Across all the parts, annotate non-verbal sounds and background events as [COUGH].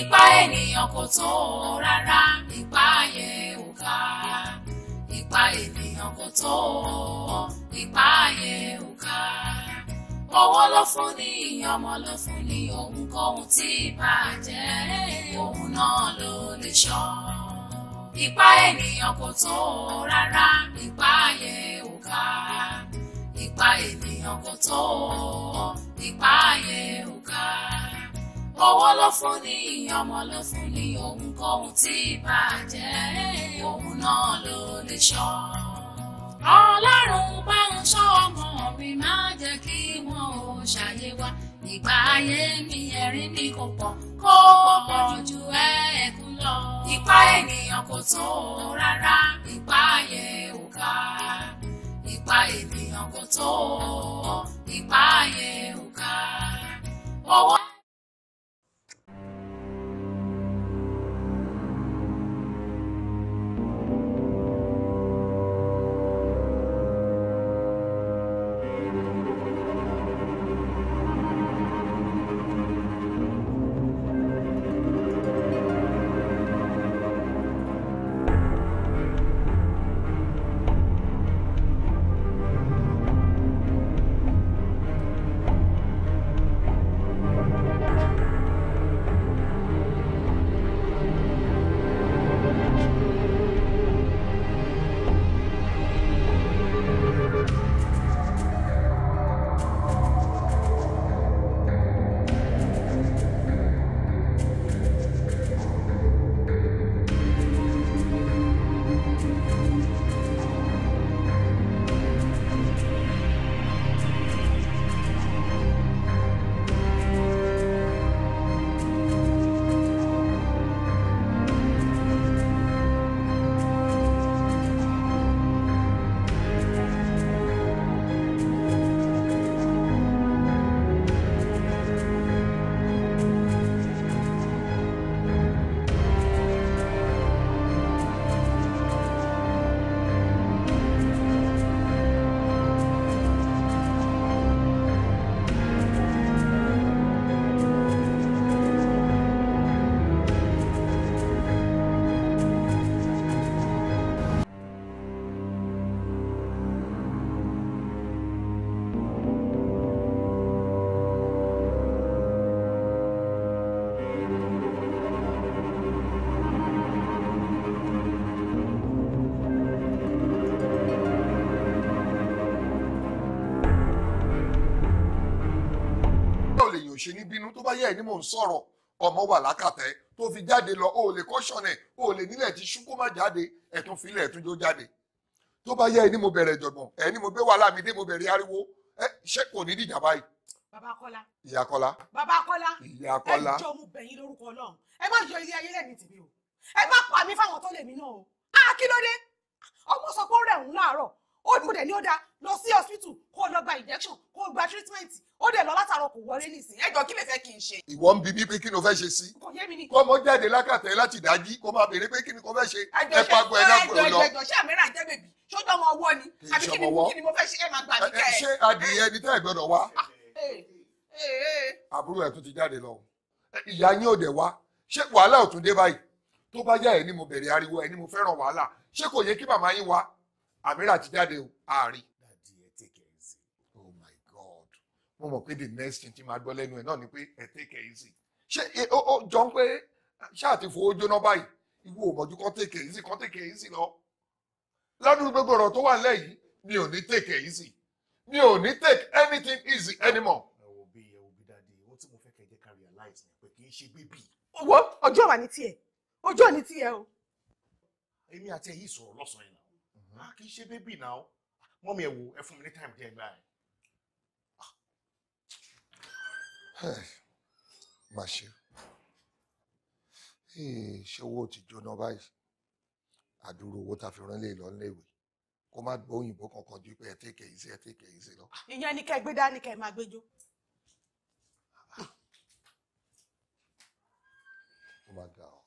ipá ènìyàn kò tó rárá ipá yẹn ò ká ipá ènìyàn kò tó ipá yẹn ò ká owó ló fún ni ọmọ ló fún ni ohunkóhun tí bàjẹ́ òun náà ló lè ṣọ́ ipá ènìyàn kò tó rárá ipá yẹn ò ká ènìyàn kò tó ipá yẹn ò owó ló fún ni ọmọ ló fún ni òun kóhun tí bàjẹ́ òun náà ló lè ṣọ́. ọlọ́run bá ń ṣọ́ ọmọ mi má jẹ́ kí wọ́n ò ṣàyè wá ìgbà ayé mi ẹ̀rín mi kò pọ̀ kó pọ̀ ju ẹ̀ẹ̀kún lọ. ipá ènìyàn kò tó rárá ipá ayé ò ká ipá ènìyàn kò tó ipá ayé ò ká. owó. ò ṣe ní bínú tó bá yẹ ẹ̀ ní mò ń sọ̀rọ̀ ọmọ wà lákàtẹ́ tó fi jáde lọ o lè kọ́ṣọ̀nẹ̀ o lè nílẹ̀ tí ṣú kó má jáde ẹ̀tún filẹ̀ ẹ̀tún jó jáde tó bá yẹ ẹ̀ ní mo bẹ̀rẹ̀ jọ̀gbọ̀n ẹ̀ ní mo gbé wàhálà mi dé mo bẹ̀rẹ̀ ariwo ẹ ṣé kò ní dìjà báyìí. bàbá Kọ́lá. ìyá Kọ́lá. bàbá Kọ́lá. ìyá Kọ́lá. ẹ jọ mo bẹ̀ yín lórúkọ Ọlọ́run ẹ má yọ ilé ayé lẹ́mìí tìbí o ẹ má pa o. a ah, ó mo dẹ̀ ní ó dáa lọ sí hospital kó o lọ gba injection kó o gba treatment ó dẹ̀ lọ látàrọ kò wọlé nísìnyí ẹjọ́ kí lè fẹ́ kí n ṣe. ìwọ ń bi mí pé kí ni o fẹ́ ṣe sí. kò yé mi ni. kó ọmọ jáde lákàtẹ́ láti dájí kó máa béèrè pé kí ni kò fẹ́ ṣe. ẹ pàgọ́ ẹ lágbo lọ. ẹjọ́ ṣé àmì ràn jẹ́ bèbí ṣójú ọmọ ọwọ́ ni àbí kí ni mo fẹ́ ṣe ẹ máa gbà mí kẹ́ ẹ. ṣé adìyẹ ni tẹ́ ẹ gbọ́dọ̀ wá. Ah, eh, eh, eh. àbúrò ẹ̀ tún ti jáde lọ ìyá yín ò dẹ̀ wá ṣé wàhálà ò tún dé báyìí tó bá yá ẹ ni mo bẹ̀rẹ̀ ariwo ẹ ni mo fẹ́ràn wàhálà ṣé kò yẹ kí màmá yín wá àmìrà ti jáde o àárí. dadi ẹ take it easy. oh my god mo mọ̀ pé the next thing tí máa gbọ́ lẹ́nu ẹ̀ náà ni pé ẹ take it easy. ṣé ó jọ ń pé ṣáà ti fowó jóná báyìí ìwọ ò mọ̀jú kọ́ take it easy kọ́ take it easy lọ. ládùúgbò gbogbo ọ̀rọ̀ tó wà nílẹ̀ yìí mi ò ní take it easy mi ò ní take anything easy anymore. ẹ wo bí ẹ wo bí dadi ohun tí mo fẹ́ kẹ́ jẹ́ ká realize ni pé kì í ṣe bíbí. owó ọjọ́ wà ní tiẹ̀ ọjọ́ ní tiẹ̀ o. èmi àti ẹ̀yìn a kì í ṣe bébì náà mọ́mí ẹ̀ wò ẹ fún mi ní time díẹ̀ gbà [SIGHS] ẹ̀. má ṣe ṣé owó ti jóná báyìí àdúró owó tá a fi ránlé lọ níléèwé kó má gbọ́ òyìnbó kankan ju pé ẹ tẹ́kẹ̀ yìí sí ẹ tẹ́kẹ̀ yìí sí lọ. ìyẹn ni kẹ́ gbé dání kẹ́ máa gbẹjọ́. ó máa ga ọ.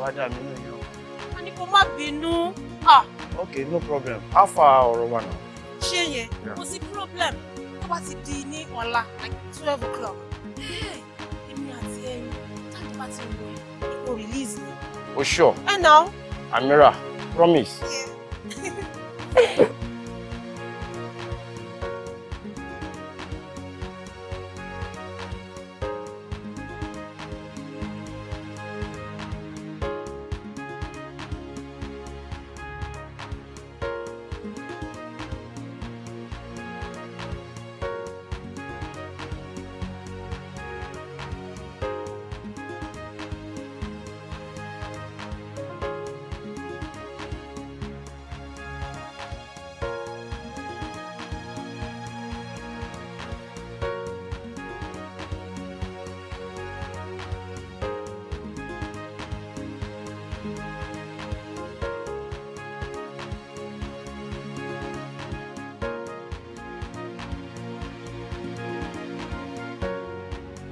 wá dà mí nù a ní kó má bínú. ok no problem how far ọ̀rọ̀ wà náà. ṣé yẹn kò sí problem tó bá ti di ní ọ̀la like twelve o'clock èmi àti ẹyin táwọn bá ti wọ ẹ ipò release ni. o oh, sure. ẹ nà. Amira promise.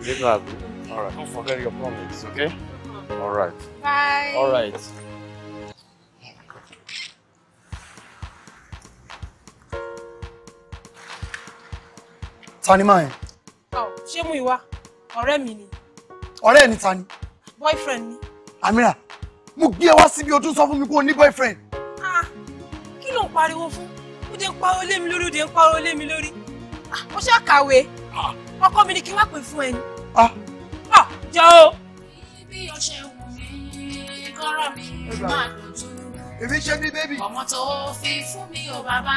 Zainab, all right. Don't forget your promise, okay? All right. Bye. All right. Tani máa yẹn. Ọ̀ oh, ṣé mú ìwá? Ọ̀rẹ́ mi ni. Ọ̀rẹ́ ni tani? Boyfriend ni. Amira, mo gbé ẹ wá síbi o tún sọ fún mi kó o boyfriend. Ah, ló ń pariwo fún? Ó dé ń pariwo lé mi lori. ó dé ń pariwo lé mi lórí. Ah, ó ṣáà kàwé ọkọ mi ni kí wá pè fún ẹni. Ah. Ah, jọ o. bí ọṣẹ wù mí kọ́rọ̀ mi máa dojú. èmi ṣe ní bébì. ọmọ tó fi fún mi ò bàbá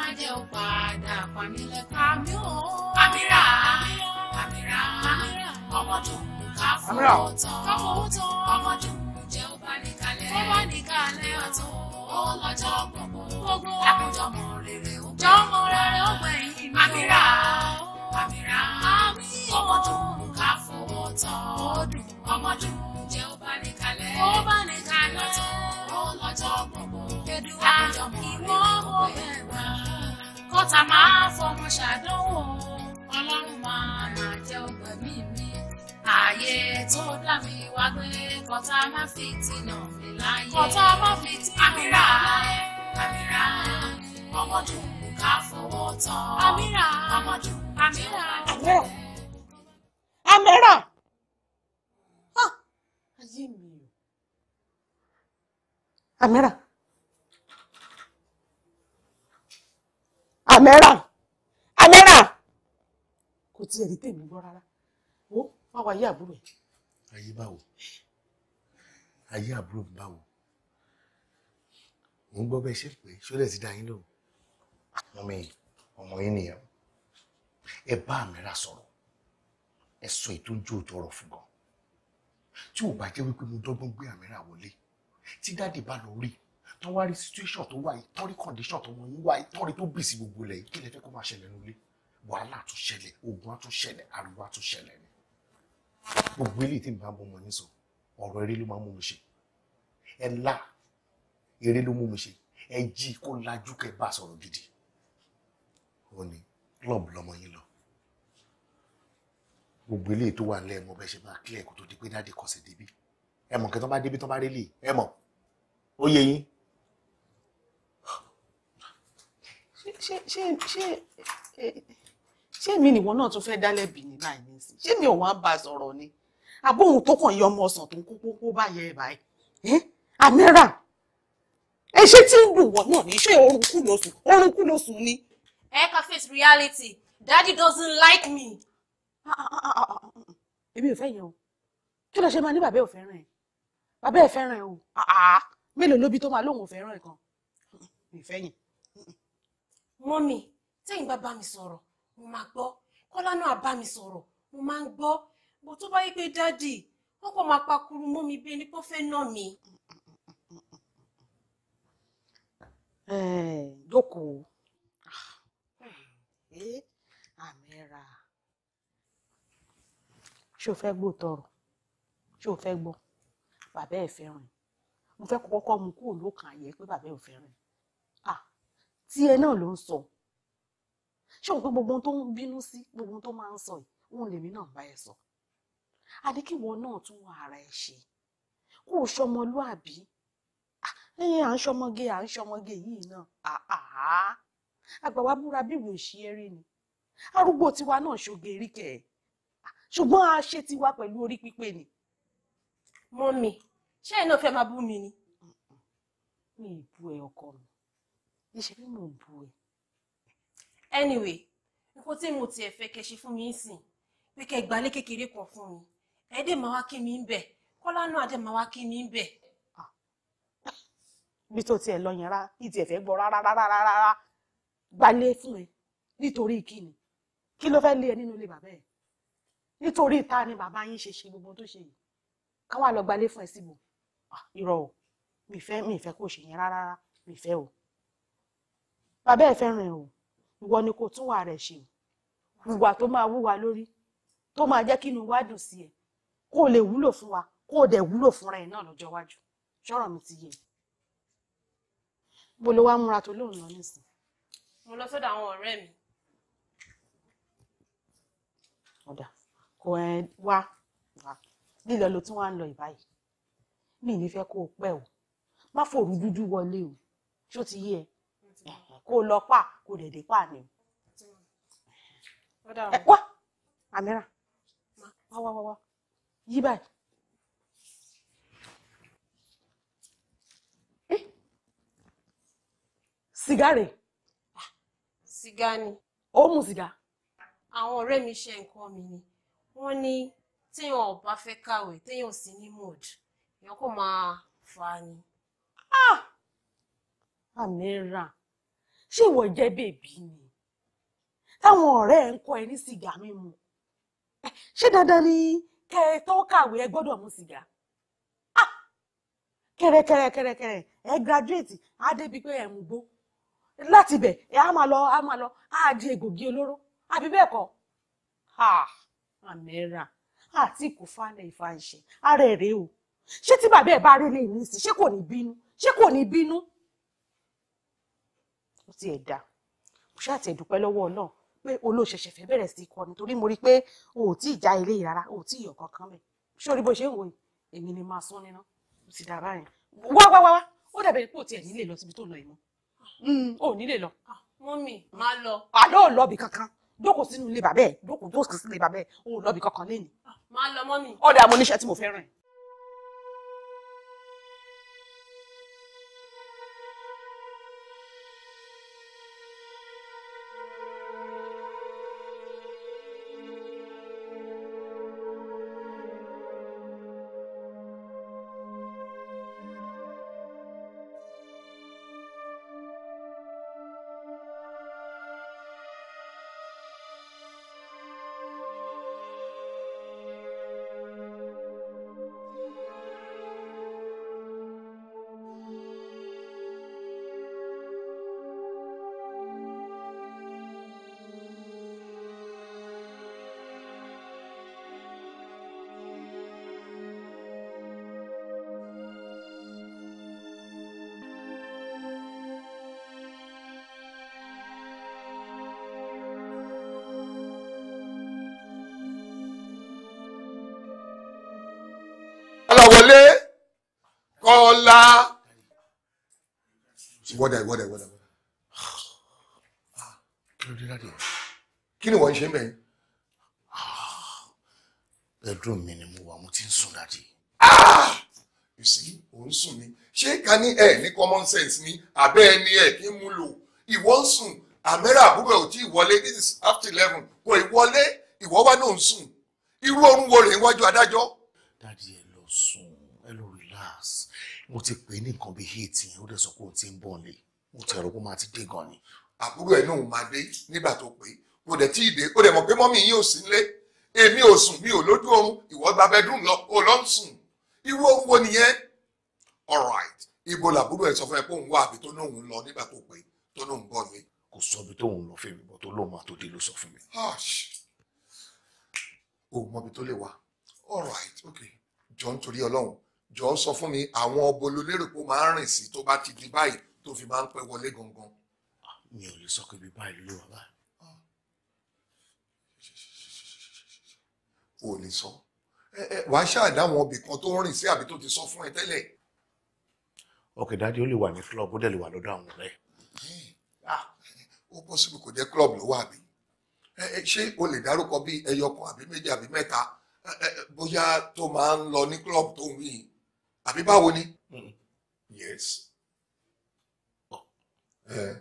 má jẹ́ ò padà pàmílẹ̀kùn. àmì ò àmìrà àmìrà ọmọ dùn ká fowó tán ọmọ dùn jẹ́ ó bá ní kalẹ̀ ó bá ní kalẹ̀ ọ̀tún ó lọ́jọ́ gbogbo àkójọmọ̀ rere ó gbẹ̀yìn àmìrà pàmìrà àmì ọmọ dùn ká fowó tán ó dùn ọmọ dùn jẹ́ ó bá ní kalẹ̀ ó bá ní kalẹ̀ ó lọ́jọ́ gbogbo kedua ìwọ ọmọ máa mi ààyè tó dá mi wá gbé kọ́ta fi tìǹà mi fi láyé àmìrà ọmọdún ká fowó tán. amira ọmọdé amira. amira amira ah, ayé mi o amira amira amira kò tiẹ̀ rí tèmi gbọ́ rárá wo wá wá ayé àbúrò ẹ̀. ayé báwo ayé àbúrò báwo mo ń gbọ́ bẹ́ẹ̀ ṣe pé ṣọlẹ̀ ti dá yín lóhùn ọmọ yìí ọmọ yìí nìyẹn ẹ bá àmìrà sọ̀rọ̀ ẹ sọ èyí tó ń jó òtọrọ fún gan tí ò bá jẹ́ wípé mo dọ́gbọ́n gbé àmìrà wọlé tí dáàdì bá lọ rí tó wá rí situation tó wà yìí condition tó wọ́n yín wà yìí tọ́rí tó bì sí gbogbo ilẹ̀ yìí kí lẹ fẹ́ kó máa ṣẹlẹ̀ nílé wàhálà tó ṣẹlẹ̀ ogun á tó ṣẹlẹ̀ àríwá tó ṣẹlẹ̀ ni gbogbo eléyìí tí mi bá bọ́ ọmọ yín sọ ọ̀rọ̀ eré ló máa mú mi ṣe ẹ lá eré ló mú mi ṣe ẹ jí kó lajú kẹ bá sọ̀rọ̀ gidi òun ni club lọmọ yín lọ gbogbo ilé tó wà nílẹ̀ mọ̀ bẹ́ẹ̀ ṣe máa clear kó tó di pé dáàdì kọ̀ọ̀sẹ̀ débi ẹ mọ̀ kẹtọ́ bá débi tọ́ bá rí lè ẹ mọ̀ ó yẹ yín. ṣé ṣé ṣé ṣé mi nìwọ náà tún fẹ́ dálẹ́bi ní láì ní ṣé mi ò wá bá a sọ̀rọ̀ ni àbóhùn tó kàn yọ ọmọ ọ̀sán tó ń kó kókó báyẹ ẹ báyìí àmẹ́rà ẹ ṣé tí ń dùn wọ̀ náà ní ṣé orun kú lóṣù orun kú lóṣù ni ẹ ká face reality daddy doesn't like me. èmi ò fẹ́ yẹn o kí ló ṣe máa ní bàbá ò fẹ́ràn ẹ̀ bàbá ẹ̀ fẹ́ràn ẹ̀ o mélòó lóbi tó máa lóun ò fẹ́ràn ẹ̀ kan ìfẹ́ yẹn. mọ́mì tẹ́yìn bá bá mi sọ̀rọ̀ mo máa gbọ́ kọ́lá náà bá mi sọ̀rọ̀ mo máa ń gbọ́ bó tó bá yí pé dádì wọn kò máa pakuru mọ́ mi bí ẹni pé ó fẹ́ nà mí. jókòó pé àmì ra ṣé o fẹ́ gbọ́ tọrọ ṣé o fẹ́ gbọ́ bàbá ẹ̀ fẹ́ràn mo fẹ́ kọ́kọ́ mu kúrò lókàn àyè pé bàbá ẹ̀ ò fẹ́ràn ah tí ẹ náà ló ń sọ ṣé òun pé gbogbo ohun tó ń bínú sí gbogbo ohun tó máa ń sọ yìí òun lèmi náà bá ẹ sọ adékìwọ náà tún wọ ara ẹ ṣe kó o ṣọmọlúàbí ẹ̀yin à ń ṣọmọge à ń ṣọmọge yìí náà àá àgbà wa múra bí ìwé ìṣí eré ni arúgbó tiwa náà ṣoge eríkẹ ṣùgbọ́n a ṣe tiwa pẹ̀lú orí pípé ni. mọ́mì ṣé ẹ̀ náà fẹ́ máa bú mi ni. mi ì bu ẹ ọkọ mi níṣẹ́ bí mò ń bu ẹ. anyway nǹkan tí mo tiẹ̀ fẹ́ kẹ́ ṣe fún mi sìn pé kẹ́ gbalé kékeré kan fún mi ẹ̀ẹ́dẹ̀ máa wá kí mi ń bẹ̀ kọ́lá náà àdẹ̀ máa wá kí mi bẹ̀. Ah. bí tó tiẹ̀ lọ yẹn rá ìtì ẹ̀fẹ́ gbọ́ rárá rárá rárá gbalé fún ẹ nítorí kíni kí ló fẹ́ẹ́ lé ẹ nínú ilé bàbá ẹ nítorí ìta ni bàbá yín ṣe ṣe gbogbo tó ṣe yìí kán wà lọ gbalé fún ẹ síbò irọ́ o mi fẹ́ mi fẹ́ kó ṣe yẹn rárá mi fẹ́ o bàbá ẹ fẹ́ràn ẹ o ìwọ ni kò tún wà rẹ̀ ṣe ìwà tó máa wúwa lórí tó máa jẹ́ kí inú wa dùn sí ẹ kó o lè wúlò fún wa kó o wúlò fúnra ẹ náà lọ́jọ́ iwájú ṣọ́rọ̀ mi ti yé bó ló wá múra tó lóun lọ nísìnyí mo lọ sọ́dọ̀ àwọn ọ̀rẹ́ mi. ọ̀dà kò ẹ wá lílọ ló tún wá ń lọ ìbáyìí mi ní fẹ́ kó o pẹ́ o má fòrú dúdú wọlé o ṣó ti yé ẹ kó o lọ pa kó o dẹ̀dẹ̀ pa ni o. ẹ wá àmìrà wá wá wá wá yí báyìí. Eh? sìgá sìgá ni. ó mu sìgá. àwọn ọ̀rẹ́ mi ṣe nǹkan mi ni wọ́n ní téèyàn ò bá fẹ́ kàwé téèyàn ò sí ní mood èèyàn kò máa fà á ni. Ah! àmẹ́ra ṣé ìwọ jẹ́ bèbí ni táwọn ọ̀rẹ́ ẹ̀ ń kọ́ ẹ ní sìgá mímu eh, ṣé dandan ni kẹ ẹ tó kàwé ẹ gbọ́dọ̀ mu sìgá ah! kẹrẹkẹrẹkẹrẹkẹrẹ ẹ graduate á débi pé ẹ mú gbó láti bẹ̀ a máa lọ a máa lọ a di egbògi olóró àbí bẹ́ẹ̀ kọ́ àmẹ́ra àti kò falẹ̀ ìfàǹṣẹ̀ ara ẹ̀ rèé o ṣé tí bàbá ẹ̀ bá rí lẹ́yìn nísì ṣé kò ní bínú ṣé kò ní bínú. ó ti ẹ̀ dá mo ṣáà ti dúpẹ́ lọ́wọ́ náà pé olóṣèṣẹ̀ fẹ́ bẹ̀rẹ̀ sí í kọ́ nítorí mo rí i pé o ò tí ì já ilé rárá o ò tí ì yọ̀ kankan mẹ́ sórí bó ṣe ń wòye èmi ni máa sún níná ó ti dá báyìí wá wá wá wá ó dàbẹ̀ pé o tiẹ̀ nílé lọ síbi tó lọ yìí Mm. ò ní lè lọ. Ah, mọ́mì má a àlọ́ lo lọ́ọ̀bì kankan jókòó sínú ilé bàbá ẹ̀ jókòó jókòó sínú ilé o lo ò lọ́ọ̀bì kankan lẹ́nu. Ah, má lọ mọ́mì. ọ̀dà mo níṣẹ́ tí mo fẹ́ rìn. wọ́dà wọ́dà wọ́dà. kí ló dé dáadé. kí ni wọ́n ń ṣe bẹ́ẹ̀. bedroom mi ni mo wà mo ti ń sùn dáadé. Ah! you see òun sùn ni ṣé ká ní ẹ ní common sense ni àbẹ́ ẹni ẹ kí n mú lò ìwọ ń sùn àmẹ́rà àbúrò ò tí ì wọlé this is after eleven kò ì wọlé ìwọ wá náà ń sùn irú oorun wo rèé wájú adájọ́. dáadé ẹ lọ sùn mo ti pè é ní nǹkan bíi eighteen ó dẹ̀ sọ pé òun ti ń bọ̀ ni mo ti rò pé máa ti dé gan ni. àbúrò ẹ̀ náà máa dé nígbà tó pé kò dẹ̀ tí ì dé ó dẹ̀ mọ̀ pé mọ́mì yín ò sí nílé èmi ò sùn mi ò lójú oorun ìwọ gba bedroom lọ ò lọ ń sùn irú ohun wo nìyẹn alright ibo làbúrò ẹ̀ sọ fún ẹ pé òun wá àbí tó náà ń lọ nígbà tó pé tó náà ń bọ̀ ni. kò sọ ibi tóun lọ fún mi bọ tó lóun máa tó dé ló sọ fún mi. òun mọ ibi tó lè wà alright okay jọ nítorí Ọlọ́run jọ sọ fún mi àwọn ọbọ lólérò pé ó máa ń rìn sí tó bá ti di báyìí tó fi máa ń pẹ́ wọlé gangan. mi ò lè sọ pé ibi báyìí ló wà báyìí. ò lè sọ wà á ṣáà dáwọn ọbì kan tó ń rìn sí àbí tó ti sọ fún ẹ tẹ́lẹ̀. ọkẹ dájú ó lè wà ní club ó dẹ̀ lè wà lọ́dọ̀ àwọn ọ̀rẹ́. Ah, ó bọ́ síbi kò jẹ́ club ló wà bí ṣé o lè dárúkọ bí ẹyọkan àbí méjì àbí mẹ́ta bóyá tó máa ń lọ ní club tó ń wí yìí àbí báwo ni yes. Oh. Uh.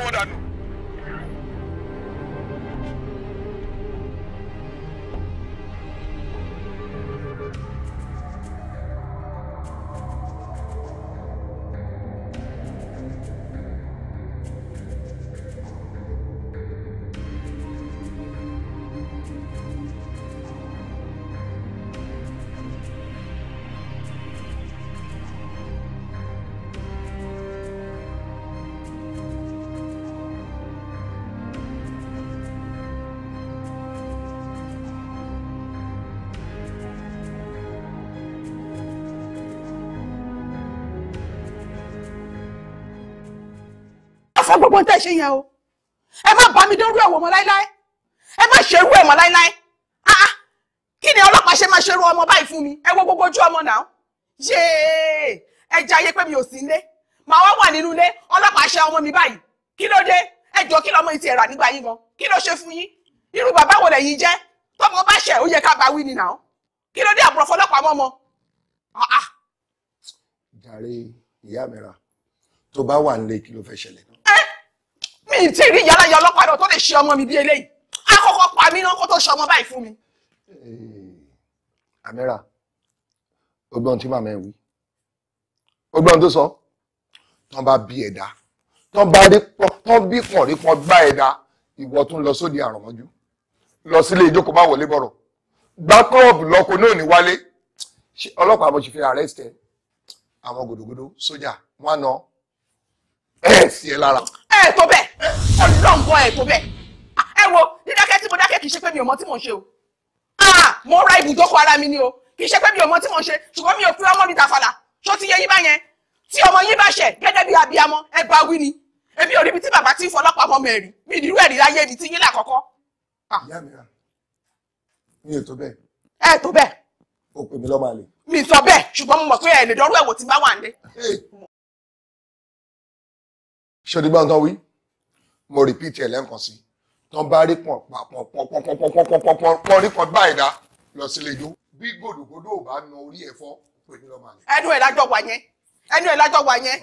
going on? gbogbo tẹ́ ṣe yẹn o ẹ má bá mi dánrú ẹ̀wọ̀ mọ́ láíláí ẹ má ṣerú ẹ̀wọ̀ láíláí ah, ah kí ni ọlọ́pàá ṣe máa ṣerú ọmọ báyìí fún mi ẹ wo gbogbo ojú ọmọ náà yéé ẹ jẹ́ ayé pé mi ò sí ilé màá wá wà nínú ilé ọlọ́pàá ṣe ọmọ mi báyìí kí ló dé ẹ jọ kí lọmọ yìí ti rà nígbà yín gan kí ló ṣe fún yín irú bàbá wo lẹ̀yin jẹ́ tọmọ bá ṣẹ̀ ó yẹ ká bá wí ni náà kí ló dé àbúrò fọlọ́pàá mọ́ ọmọ. Ah, ah. jàre ìyá mi ra tó bá wà nílé kí ló fẹ́ ṣẹlẹ̀ náà mi ti rí yàrá yà ọlọ́pàá náà tó lè ṣe ọmọ mi bí eléyìí àkọ́kọ́ pa mí náà kó tó ṣe ọmọ báyìí fún mi. Amira ó gbọ́n tí màmá ẹ̀ wí ó gbọ́n tó sọ tán bá bí ẹ̀dá tán bá rí pọ̀ tán bí pọ̀ rí pọ̀ gbá ẹ̀dá ìwọ tún lọ sóde àrọ̀mọ́jú lọ sílé ìjókòó bá wọlé bọ̀rọ̀ gbá kọ́ọ̀bù lọ́kọ náà ní wálé ọlọ́pàá mo ti fi àrẹ́sì ẹ̀ àwọn gòdògòdò sójà wọn nà ẹ̀ sí ẹ lára. ẹ tó bẹ́ẹ̀ ọlọ́run gan ẹ̀ tó bẹ́ẹ̀ ah, ẹ wo dídákẹ́ tí mo dákẹ́ kì í ṣe pé mi ò mọ tí mò ń ṣe o ah, mo ra ibùdókọ̀ ara mi ni o kì í ṣe pé mi ò mọ tí mò ń ṣe ṣùgbọ́n mi ò fi ọmọ mi tàfàlà ṣó ti yẹ yín bá yẹn tí ọmọ yín bá ṣẹ̀ gẹ́gẹ́ bí abiyamọ ẹ bá wí ni èmi ò ríbi tí bàbá ti fọlọ́pàá mọ́ mẹ́rin mi ìdírú ẹ̀rí láyé ibi tí yín là kọ́kọ́. Ah. ìyá mi rà mi ò tó bẹ́ẹ̀. ẹ tó mo mọ̀ pé ẹ̀ lè dọ́rú ẹ̀wò tí bá wà ń wí? mo repeat ẹ̀ lẹ́ǹkan sí tán bá rí pọ̀n pọ̀n pọ̀n pọ̀n pọ̀n pọ̀n pọ̀n pọ̀n pọ̀n pọ̀n rí pọ̀n báyìí dá lọ sílé ijó bí gòdògòdò ò bá na orí ẹ̀ fọ́ pé ní lọ́ọ́ máa lẹ̀. ẹnu ẹ̀ lájọ wà yẹn ẹnu ẹ̀ lájọ wà yẹn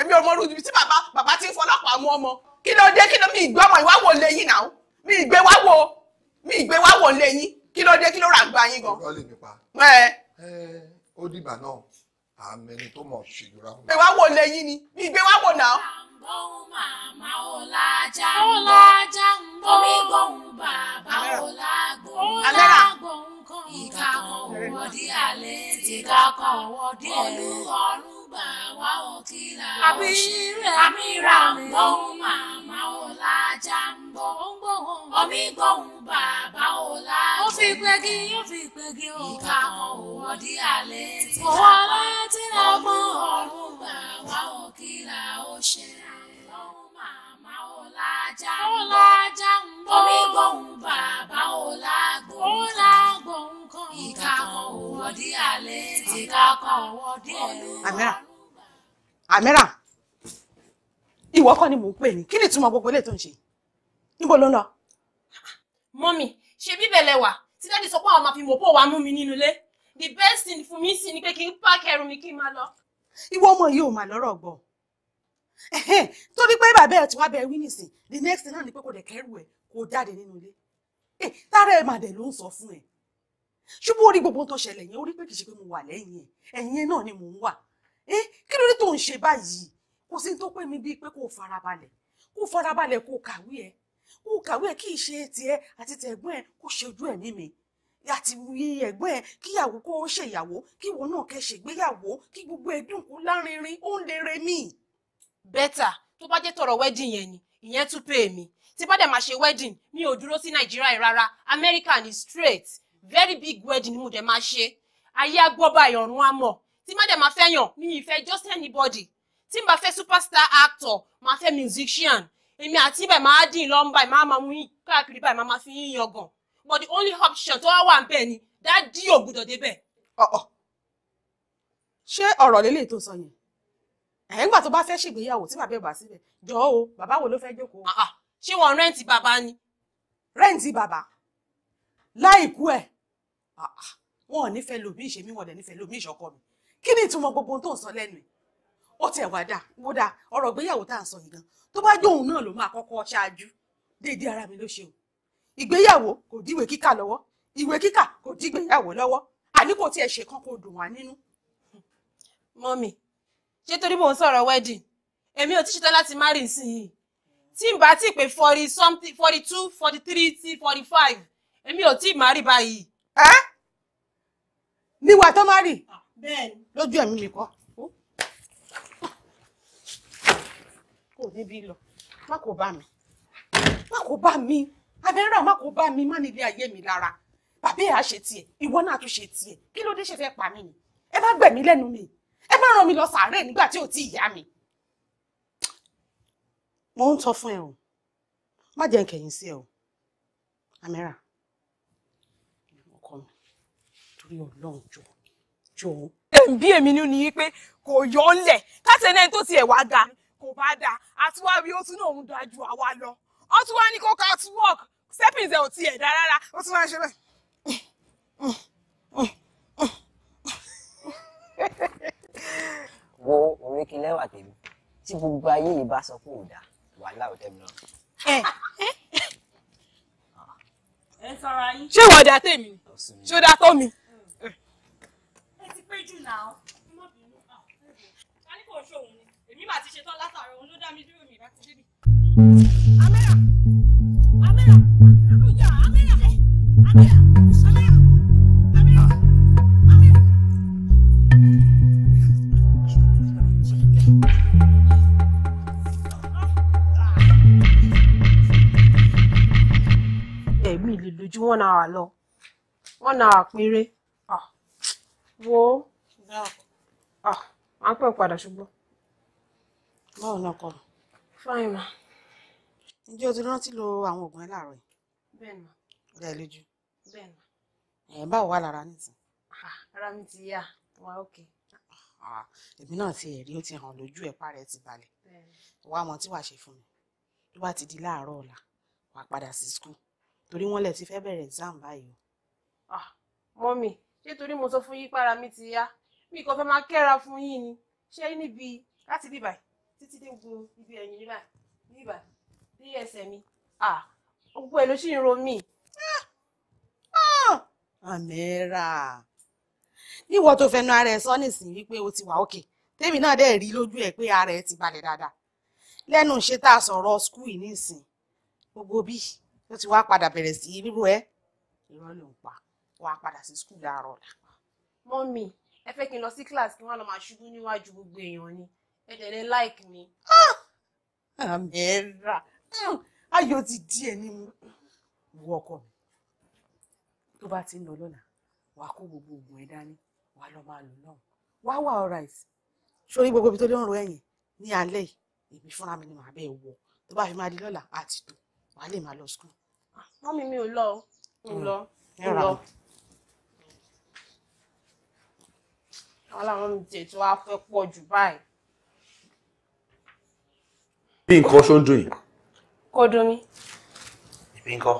èmi ò mọrú ibi tí bàbá bàbá ti ń fọlọ́pàá mú ọmọ kí ló dé kí ló mi ìgbé ọmọ ìwá wo lẹ́yìn náà mi ìgbé wá wo mi ìgbé wá wo lẹ́yìn kí ló dé kí ló rà gba yín gan. ọ̀rọ̀ lè mi pa. ẹ ẹ ó dìgbà náà àmì ẹni tó mọ̀ ṣèjọra. ìgbé wá wo lẹ́yìn ni mi ìgbé wá wo náà gbóhùn màmá ò lájà ń bọ̀ omi gbóhùn bàbá ò lágbó lágbóhùn kan ìka kan òwò dí àlẹ́ tìka kan òwò dí ẹ̀lú ọ̀run gbà omi gbóhùn bàbá ìpẹ́gì yóò fi ìpẹ́gì òǹkà kan òwò dí tí wọ́n wá tí lọ́gbọ́n ọ̀run gbà wá òkè là ó ṣe àlọ́hún màmá ó lájà ó lájà ń bọ́ omi gbọ̀hún bàbá ó lágbó ó lágbó nǹkan ìka kan tí ká kan òwò Àmẹ́rà ìwọ kọ́ ni mò ń pè ní kí ni ìtumọ̀ gbogbo eléyìí tó ń ṣe níbo ló ń lọ. mọ́mì ṣe bíbẹ̀ lẹ wà tí dáàdì sọ pé àwọn máa fi mọ̀ pé òwà mú mi nínú ilé the best thing fún mi sì ni pé kí n pààkì ẹrù mi kí n máa lọ. ìwọ ọmọ yìí ò máa lọ́rọ̀ gbọ́ torí pé bàbá ẹ̀ tí wàá bẹ̀rẹ̀ wí nìsín the next thing náà ni pé kò dẹ̀ kẹ́rù ẹ̀ kò jáde nínú ilé tára ẹ̀ màdẹ̀ ló ń sọ fún ẹ̀ ṣùgbọ́n orí gbogbo tó ṣẹlẹ̀ yẹn orí pé kì í ṣe pé mo wà lẹ́yìn ẹ̀ ẹ̀yìn náà ni mò ń wà kí ló dé tó ń ṣe báyìí kò sí tó pé mi bíi pé kò farabalẹ̀ kò farabalẹ̀ kò kàwé ẹ̀ ó kàwé kí í ṣe tiẹ̀ àti tẹ̀gbọ́n ẹ̀ kó ṣe ojú ẹ̀mí mi àti wí ẹ̀gbọ́n ẹ̀ kíyàwó kó ṣèyàwó kíwọ náà kẹ́ ṣègbéyàwó kí gbogbo ẹ̀dùn kú lárinrin ó ń lere mí. bẹ́tà tó bá jẹ́ tọ̀rọ̀ wedding yẹn ni ìyẹn tún pè mí tí bá dẹ̀ máa ṣe wedding mi ò dúró sí nàìjíríà rárá amẹ́ríkà ni straight very big wedding ni mo dẹ̀ máa ṣe ayé agbọ́ba ìrọ̀rùn amọ̀ tí má dẹ̀ máa fẹ́ yàn mi ì just anybody tí n bá fẹ́ superstar actor máa fẹ́ musician èmi àti ibẹ̀ máa dín in lọ́nbà ìmáa máa mú yín káàkiri báyìí máa máa fi yín yangàn but the only option tó wà ń bẹ̀ ni dádì Oh oh. débẹ̀. ọ̀ọ̀ ṣé ọ̀rọ̀ lélẹ̀ tó sọ yẹn ẹ̀yìn gbà tó bá fẹ́ ṣègbéyàwó tí bàbá ẹ̀ bá síbẹ̀ jọ̀ọ́ o bàbá wo ló Ah ah. ṣé wọn rẹ́ǹtì Baba. ni. Baba. Like rẹ́ǹtì bàbá láìkú ẹ̀ ah, ah. wọn ò nífẹ̀ẹ́ lòmí ìṣèmí wọn ò dẹ̀ nífẹ̀ẹ́ lòmí ìṣọ̀kọ mi kí ni ìtumọ̀ gbogbo tó ń sọ lẹ́nu ẹ̀ ó tiẹ̀ wá dà wó dà ọ̀rọ̀ ìgbéyàwó tá à ń sọ yìí gan tó bá jẹ́ òun náà ló máa kọ́kọ́ ṣáájú déédéé ara mi ló ṣe o ìgbéyàwó kò díwèé kíkà lọ́wọ́ ìwé kíkà kò dígbéyàwó lọ́wọ́ àní kò tiẹ̀ ṣe kan kò dùn wá nínú. mọ́mì ṣé torí mò ń sọ̀rọ̀ wedding èmi ò ti ṣetán láti márì nísìnyìí tí n bá tí pé forty something forty two forty three sí forty five èmi ò tí ì márì báyìí. ẹ níwà tó márì ah, lójú ẹ̀mí mi kọ́. ò níbi lọ má kó bá mi má kó bá mi abẹ́rẹ́ má kó bá mi má nílé ayé mi lára bàbá ẹ̀ á ṣe tiẹ̀ ìwọ náà tún ṣe tiẹ̀ kí ló dé ṣe fẹ́ pa mí ni ẹ má gbẹ̀mí lẹ́nu mi ẹ má ràn mí lọ sàárẹ̀ nígbà tí ò tí ìyá mi. mo ń tọ́ fún ẹ o má jẹ́ nkẹ̀yìn sí ẹ o amẹ́ra ọkọ mi torí ọlọ́run jọ jọ. ẹ̀ ń bí èmi ní ni pé kò yọ ọ́ lẹ̀ káṣẹ́ náà tó tiẹ̀ wá ga kò bá dáa àti wá rí ó tún náà ń da ju àwa lọ ó tún wá ní kó ká tún work stepping ẹ̀ ò tiẹ̀ dá rárá ó tún wá ṣe bẹ́ẹ̀. wo oríkì lẹ́wà tèmi tí gbogbo ayé yìí bá sọ pé ò dáa wàhálà ò tẹ́mi náà. ẹ sọ̀rọ̀ ayé. ṣé ìwọ dá tèmi ṣé ó dá tó mi. mi dúró mi bá ti débi. Amira Amira Oya Amira Amira Amira. ẹ̀mí lè lójú one hour lọ one hour péré ah, wo ah, máa ń pẹ̀ padà ṣùgbọ́n báwo ni ọkọ mi. fine ma. ǹjẹ́ o ti rántí lo àwọn oògùn ẹ láàárọ̀ yìí. bẹ́ẹ̀ ni ma. ó dá ẹ lójú. bẹ́ẹ̀ ni ma. ẹ̀ báwo wà lára nìsín. ara mi ti yá wa òkè. èmi náà ti rí ó ti hàn lójú ẹ̀pá rẹ̀ ti balẹ̀. wàá mọ tí wàá ṣe fún mi tó bá ti di láàárọ̀ ọ̀la wàá padà sí skul torí wọ́n lẹ̀ ti fẹ́ bẹ̀rẹ̀ exam báyìí o. mọ́mì ṣé torí mo sọ fún yín para mi ti yá mi kò fẹ́ máa kẹ́ra fún yín ni ṣé níbi láti bíbáyìí títí dé gun ibi ẹ̀yìn rí báyìí rí ibà rí ẹsẹ̀ mi. gbogbo ẹ̀ ló ṣì ń ro mí. àmẹ́ra níwọ̀n tó fẹnu ara ẹ̀ sọ nísìnyí wípé o ti wà òkè tèmi náà dẹ̀ rí lójú ẹ̀ pé ara ẹ̀ ti balẹ̀ dáadáa lẹ́nu ṣe tá a sọ̀rọ̀ skul yìí nísìn gbogbo bí ó ti wá padà bẹ̀rẹ̀ sí rírò ẹ́ irọ́ ló ń pa wá padà sí skul láàárọ̀ ọ̀la. mọ́mì ẹ fẹ́ kí n lọ sí kíláàsì kí wọ́n lọ máa ṣubú níwájú gbogbo èèyàn ni ẹ̀dẹ̀rẹ̀ like ah! ah, mi. àmẹ́ra hmm. ayọ̀ ti di ẹ̀ ní wọ ọkọ mi tó bá ti ń lọ lọ́la wà á kó gbogbo oògùn ẹ̀ dání wà á lọ máa lò náà wà á wà alright sórí gbogbo ibi tó lè ń ro ẹ̀yìn ní alẹ́ yìí fúnra mi ni màá bẹ́ẹ̀ wọ tó bá fi máa di lọ́la àti tó wà á lè máa lọ school. Ah, mọ́mí mi ò lọ ò hmm. lọ ò lọ. àwọn làwọn mi tètè wá fẹ́ pọ̀ jù báyìí bí nǹkan ṣó ń dùn yìí. kò dùn mí. ìbí nǹkan.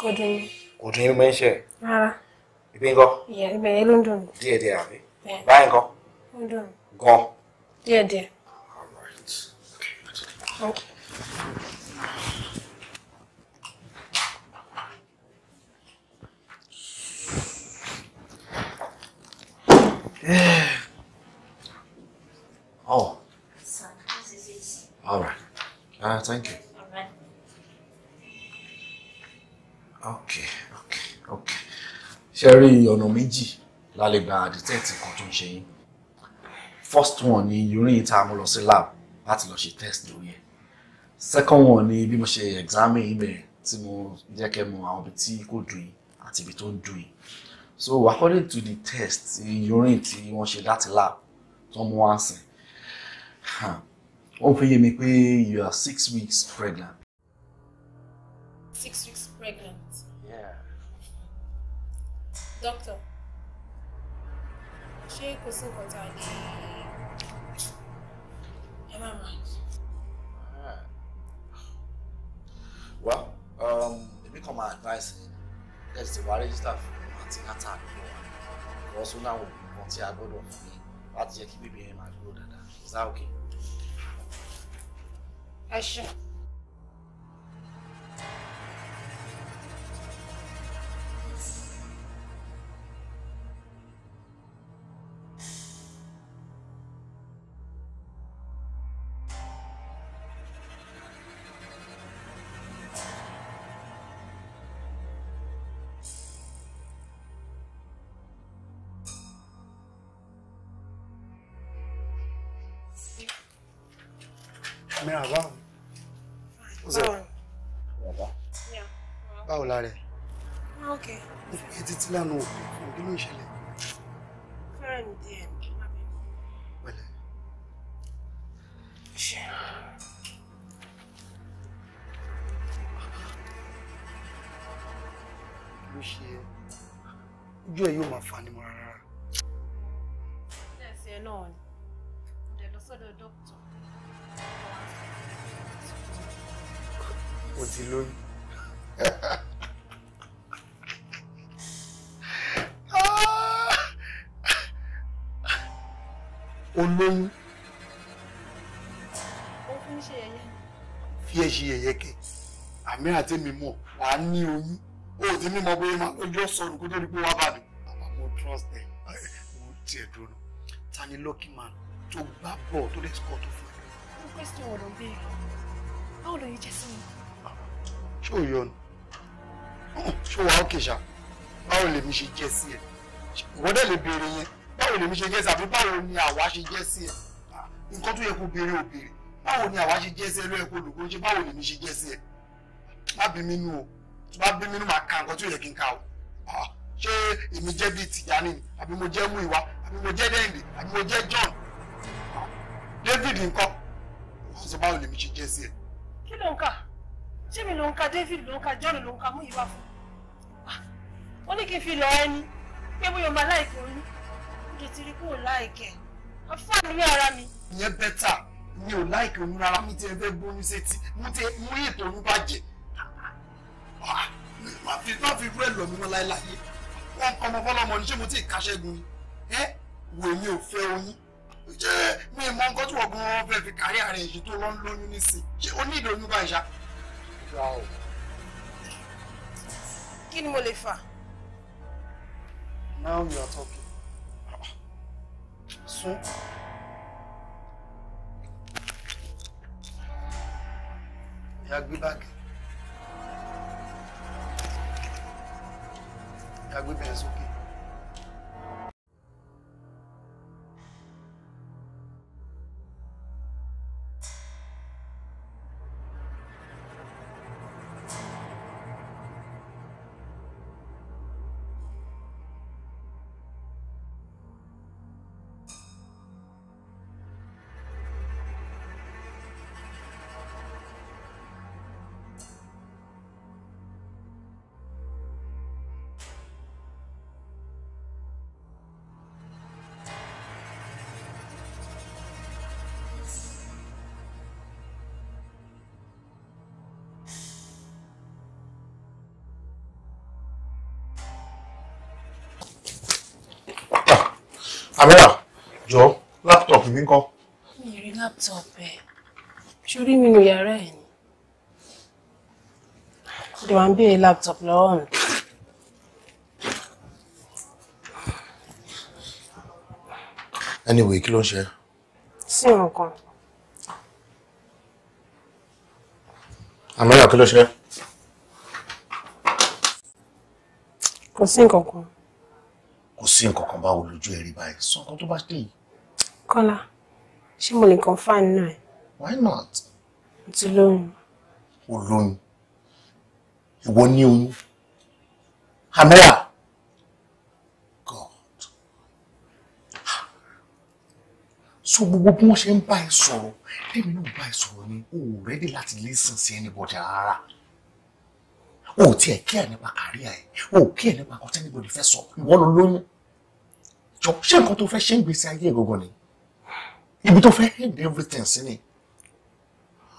kò dùn mí. kò dùn yín mẹ́ńṣẹ́. rárá. ìbí nǹkan. ìbẹ̀ yẹn ló ń dùn mí. díẹ̀ díẹ̀ àbí. báyìí nǹkan. ó ń dùn mí. gan. díẹ̀ díẹ̀. okay. [SIGHS] oh Ah, thank you. All Okay, okay, okay. Sherry, rí ọ̀nà méjì la lè gba detect kan tó First one ni urine tá a mú lab That's lọ ṣe test lórí ẹ̀. Second one ni bí mo ṣe examine ibẹ̀ tí mo jẹ́ kẹ́ mọ àwọn ibi tí kò dùn yín àti ibi So according to the test urine tí wọ́n ṣe láti lab tó mú wá ó fi yé mi pé you are six weeks pregnant. six weeks pregnant. Yeah. doctor ṣé kò sí nǹkan tá a lè ẹ má má. Ah. well um, èmi kàn máa advice ẹ ẹ ti wá register fún antenatal mi wá ìwọ́sùn náà wò ó tí a gbọ́dọ̀ fún mi láti jẹ́ kí bíbí yẹn máa gbó dáadáa is that okay. 开始。اس لڑے eh. lóyún. ó fi ń ṣe yẹ̀yẹ́. fi ẹ ṣe yẹ̀yẹ́ kẹ àmì àti mi mọ̀ wà á ní oyún ó ti mímọ bóyá máa lọ́jọ́ sọnù kó tó di pé wá bàbí. àmọ́ mo trust ẹ mo tiẹ̀ dúró ta ni lucky man tó gbá bọ̀ tó lè score tó fún ẹ. no question ọ̀rọ̀ bẹ́ẹ̀ báwo ló yẹ jẹ́ sí mi. ṣé ò yọ ni ṣé wàá òkè ṣá báwo lèmi ṣe jẹ́ sí ẹ ìwọ́dẹ̀ lè béèrè yẹn báwo lèmi ṣe jẹ́ sí àbí báwo ni àwa ṣe jẹ́ sí ẹ nǹkan tó yẹ kó béèrè ò béèrè báwo ni àwa ṣe jẹ́ sí ẹ ló yẹ kó lòkó ṣe báwo lèmi ṣe jẹ́ sí ẹ má bí mi nú o tó bá bí mi nú máa ka nǹkan tó yẹ kí n ka o ṣé èmi jẹ́ bíi Tìjání ni àbí mo jẹ́ Múyìwá àbí mo jẹ́ Dẹ́yìndé àbí mo jẹ́ John David nǹkan wọ́n sọ báwo lèmi ṣe jẹ́ sí ẹ. kí ló ń kà ṣé mi ló ń ka David ló ń ka John ló ń ka Múyìwá fún ó ní kí n fi lọ ẹni pé bóyá ọmọ aláìkò oyún kí ti rí kó afá mi ní ara mi. ìyẹn bẹ́tà mi ò láìkẹ́ òun rárá mi ti fẹ́ gbóyún sétí mo ti mú ètò òun bàjẹ́ ah, má fi má fi rẹ lọ mi mọ́ láéláyé wọn kọ ọmọ fọlọmọ ní ṣé mo ti kàṣẹ́gun ni ẹ wò mí ò fẹ́ oyún ṣé mi mọ nǹkan tí wọ́n gan wọn fi kárí ààrẹ èyí tó lọ ń lóyún nísìn ṣé o ní ìlóyún báyìí ṣá. kí ni mo lè fà. now you are talking. sont et Agribag et Agribenzoki. Amẹ́ra jọ laptop, mi kọ́. mi rí láptọ̀pù ẹ̀ sórí nínú yàrá ẹ̀ ni ó dẹ̀ wá ń béèrè láptọ̀pù lọ́wọ́ mi. anyway kí ló ń ṣe. sí nǹkan. Amẹ́ra kí ló ṣe. kò kò sí nǹkan kan báwo lójú ẹ̀rí báyìí sọ nǹkan tó bá ṣe yìí. Kọ́lá ṣé mo lè confam náà ẹ̀. why not. mo ti lóyún. o lóyún ìwọ ní oyún amẹ́ra god so gbogbo bí wọ́n ṣe ń bá ẹ sọ̀rọ̀ lèmi náà bá ẹ sọ̀rọ̀ ni o ò rẹ́dí láti listen sí anybody rárá o ò tiẹ̀ kí ẹ̀ nípa kàríà ẹ̀ o ò kí ẹ̀ nípa kọ́tẹ́ anybody fẹ́ sọ ìwọ ló lóyún jọ ṣé nǹkan tó fẹ́ ṣe ń gbèsè ayé ìgbọ̀ngàn ni ibi tó fẹ́ end everything sí ni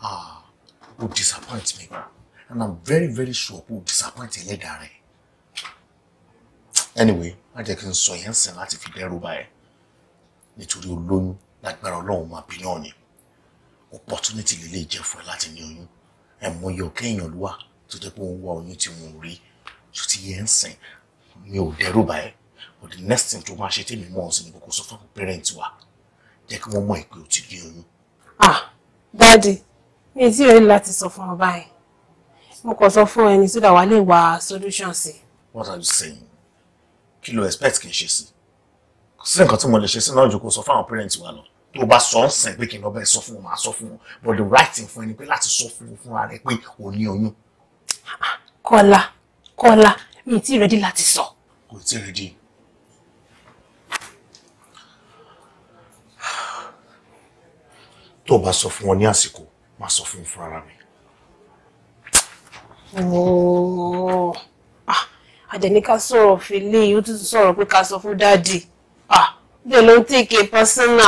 ah o disappoint me and i'm very very sure o disappoint ẹlẹ́dàá rẹ̀ anyway má jẹ́ kí n sọ yẹn sìn láti fi dẹ́rù bà ẹ́ nítorí olóyún lágbára ọlọ́run máa bí náà ni opportunity lè lè jẹ́ fún ẹ láti ní oyún ẹ̀ mọ iye ọ̀kẹ́ èèyàn ló wà tó jẹ́ pé òun wá oyún tí wọ́n rí tó ti yẹn sìn mi ò dẹ́rù bà ẹ́ but the next thing to máa it in the ọ̀sìn ni kò sọ fún parents' wa jẹ́ kí wọ́n mọ̀ pé o ti gbé ah daddy, mi ò tí ì rí láti sọ fún ọ báyìí mo kàn sọ fún ẹni solution sí. what are you saying kí lo expect kí n ṣe sí kò sí nǹkan tí mo lè ṣe sí náà jù kó sọ fún àwọn parent wa lọ tó o bá sọ ń sìn but the right thing fún ẹni pé láti sọ fún wọn fúnra rẹ pé o ní oyún. Ah, kọ́lá kọ́lá mi ò tí ì rẹ́dí láti sọ. kò tí ì tó bá sọ fún wọn ní àsìkò máa sọ fún fún ara mi. àdẹ̀ní ah, ká sọ̀rọ̀ fìlí ó tún sọ̀rọ̀ pé ká sọ fún dáàdì ah, bẹ́ẹ̀ ló ń tèké pásánà.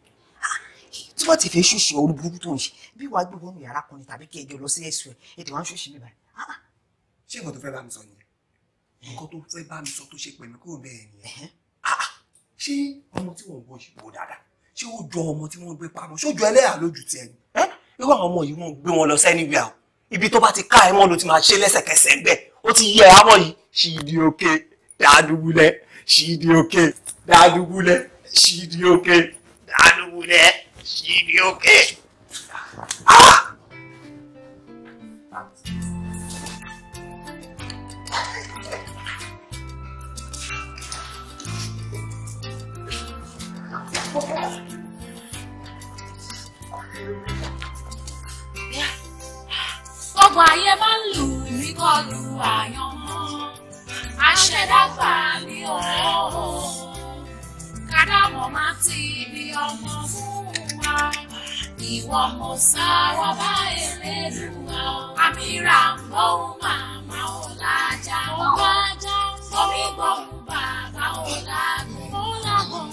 tí wọ́n ti fẹ́ ṣùṣe orí burúkú tó ń ṣe bí wàá gbé wọn yàrá kan ní tàbí kí ẹjọ́ lọ sí ẹ̀sùn ẹ̀ ètò wọn ṣùṣe mi báyìí. ṣé nǹkan tó fẹ́ bá mi sọ nìyẹn eh. nǹkan tó fẹ́ bá mi sọ tó ṣe pẹ̀lú kúrò bẹ́ẹ̀ nìyẹn ṣé ọmọ tí wọ́n bọ̀ ṣe wò dáadáa ṣé ó jọ ọmọ tí wọ́n gbé pamọ́ ṣé ó jọ ẹlẹ́yà lójú tiẹ̀ ni eh? irú àwọn ọmọ yìí wọ́n gbé wọn lọ sẹ́ni wíwá o ibi tó bá ti ká ẹ mọ́ ló ti máa ṣe lẹ́sẹ̀kẹsẹ̀ bẹ́ẹ̀ Shinyoke! Ah! Gbogbo ayé máa ń lù mí kọ́ àyàn mọ́. Aṣẹ̀dágbà ni ọ̀rọ̀ ọ̀hún. Kádàmọ̀ máa ti ibi ọmọ fún ìwọ mo sá wá bá Elédùà àmìrà gbóhùn màmá ọ̀làjà ọ̀làjà omi gbóhùn bàbá ọ̀làgùn ọ̀làgùn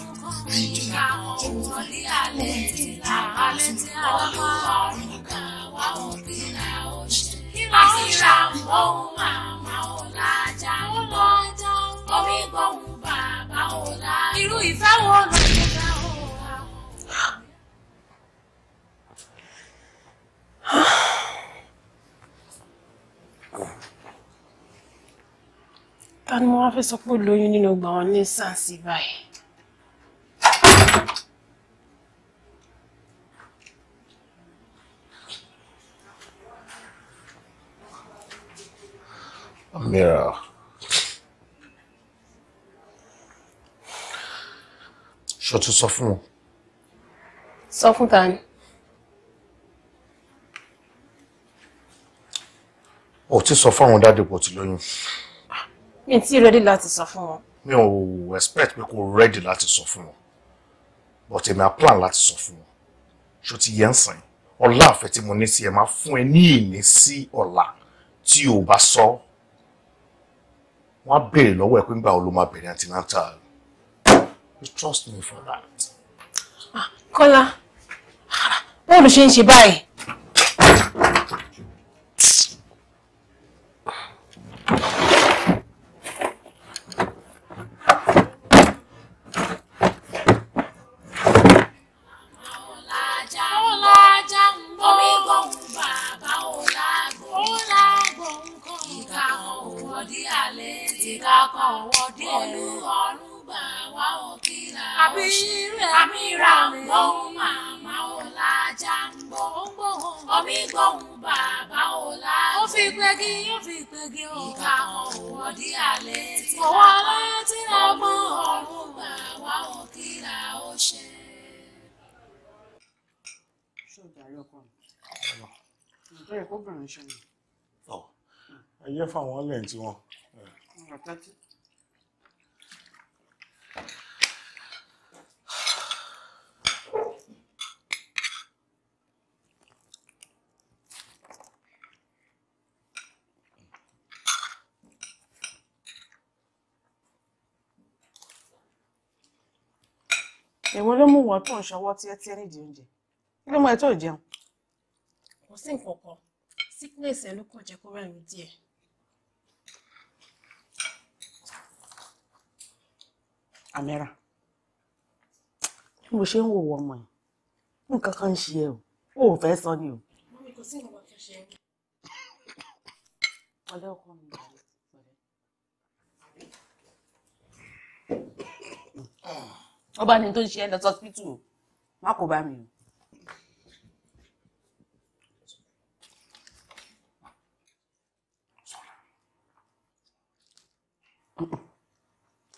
ìgbà ọ̀wọ́ ní alẹ́ tí làbálẹ̀ tí àlọ́ ọ̀rùn kà wá òbí là ó ṣe. àmìrà gbóhùn màmá ọ̀làjà ọ̀làjà omi gbóhùn bàbá ọ̀làgùn. irú ìfẹ́ wo ló ń bẹ? ni mo wá fẹ́ sọ pé lóyún nínú ọgbà wọn ní sáǹsì báyìí. Amira. Ṣo tún sọ fún wọn? Sọ fún ta ni? O ti sọ fún àwọn dáàdì pò ti lóyún mi ò ready ì rẹ́dí láti sọ mi ò expect pé kò rẹ́dí láti sọ fún wọn but èmi á plan láti sọ fún wọn ṣó ti yẹn sìn ọlá àfẹ́ tí mo ní sí ẹ máa fún ẹ ní ìní sí ọ̀la tí o bá sọ wọn á béèrè lọ́wọ́ ẹ pé ńgbà wo ló máa bẹ̀rẹ̀ antenatal you trust me for that. Ah, Kọ́lá báwo ló ṣe ń ṣe báyìí. you yóò fi pege òǹkà ọ̀wọ́ di ẹ jẹ́ fáwọn lẹ́yìn tí wọ́n. èwo ló mú wọn tó ń ṣọwọ́ tí ẹ ti ẹni di oúnjẹ kí ló mọ ẹ tó jẹun. kò sí nǹkan kan sickness ẹ ló kàn jẹ́ kó rẹ̀ mí díẹ̀. àmẹ́ra bí mo ṣe ń wò wọ ọmọ yìí nǹkan kan ń ṣe ẹ o ò fẹ́ sọ ni o. mọ́mí kò sí nǹkan kan ṣe é. ọlẹ́ ọkọ mi ò ah ó bá ní tó ń ṣe ẹ lọ má kó bá mi o.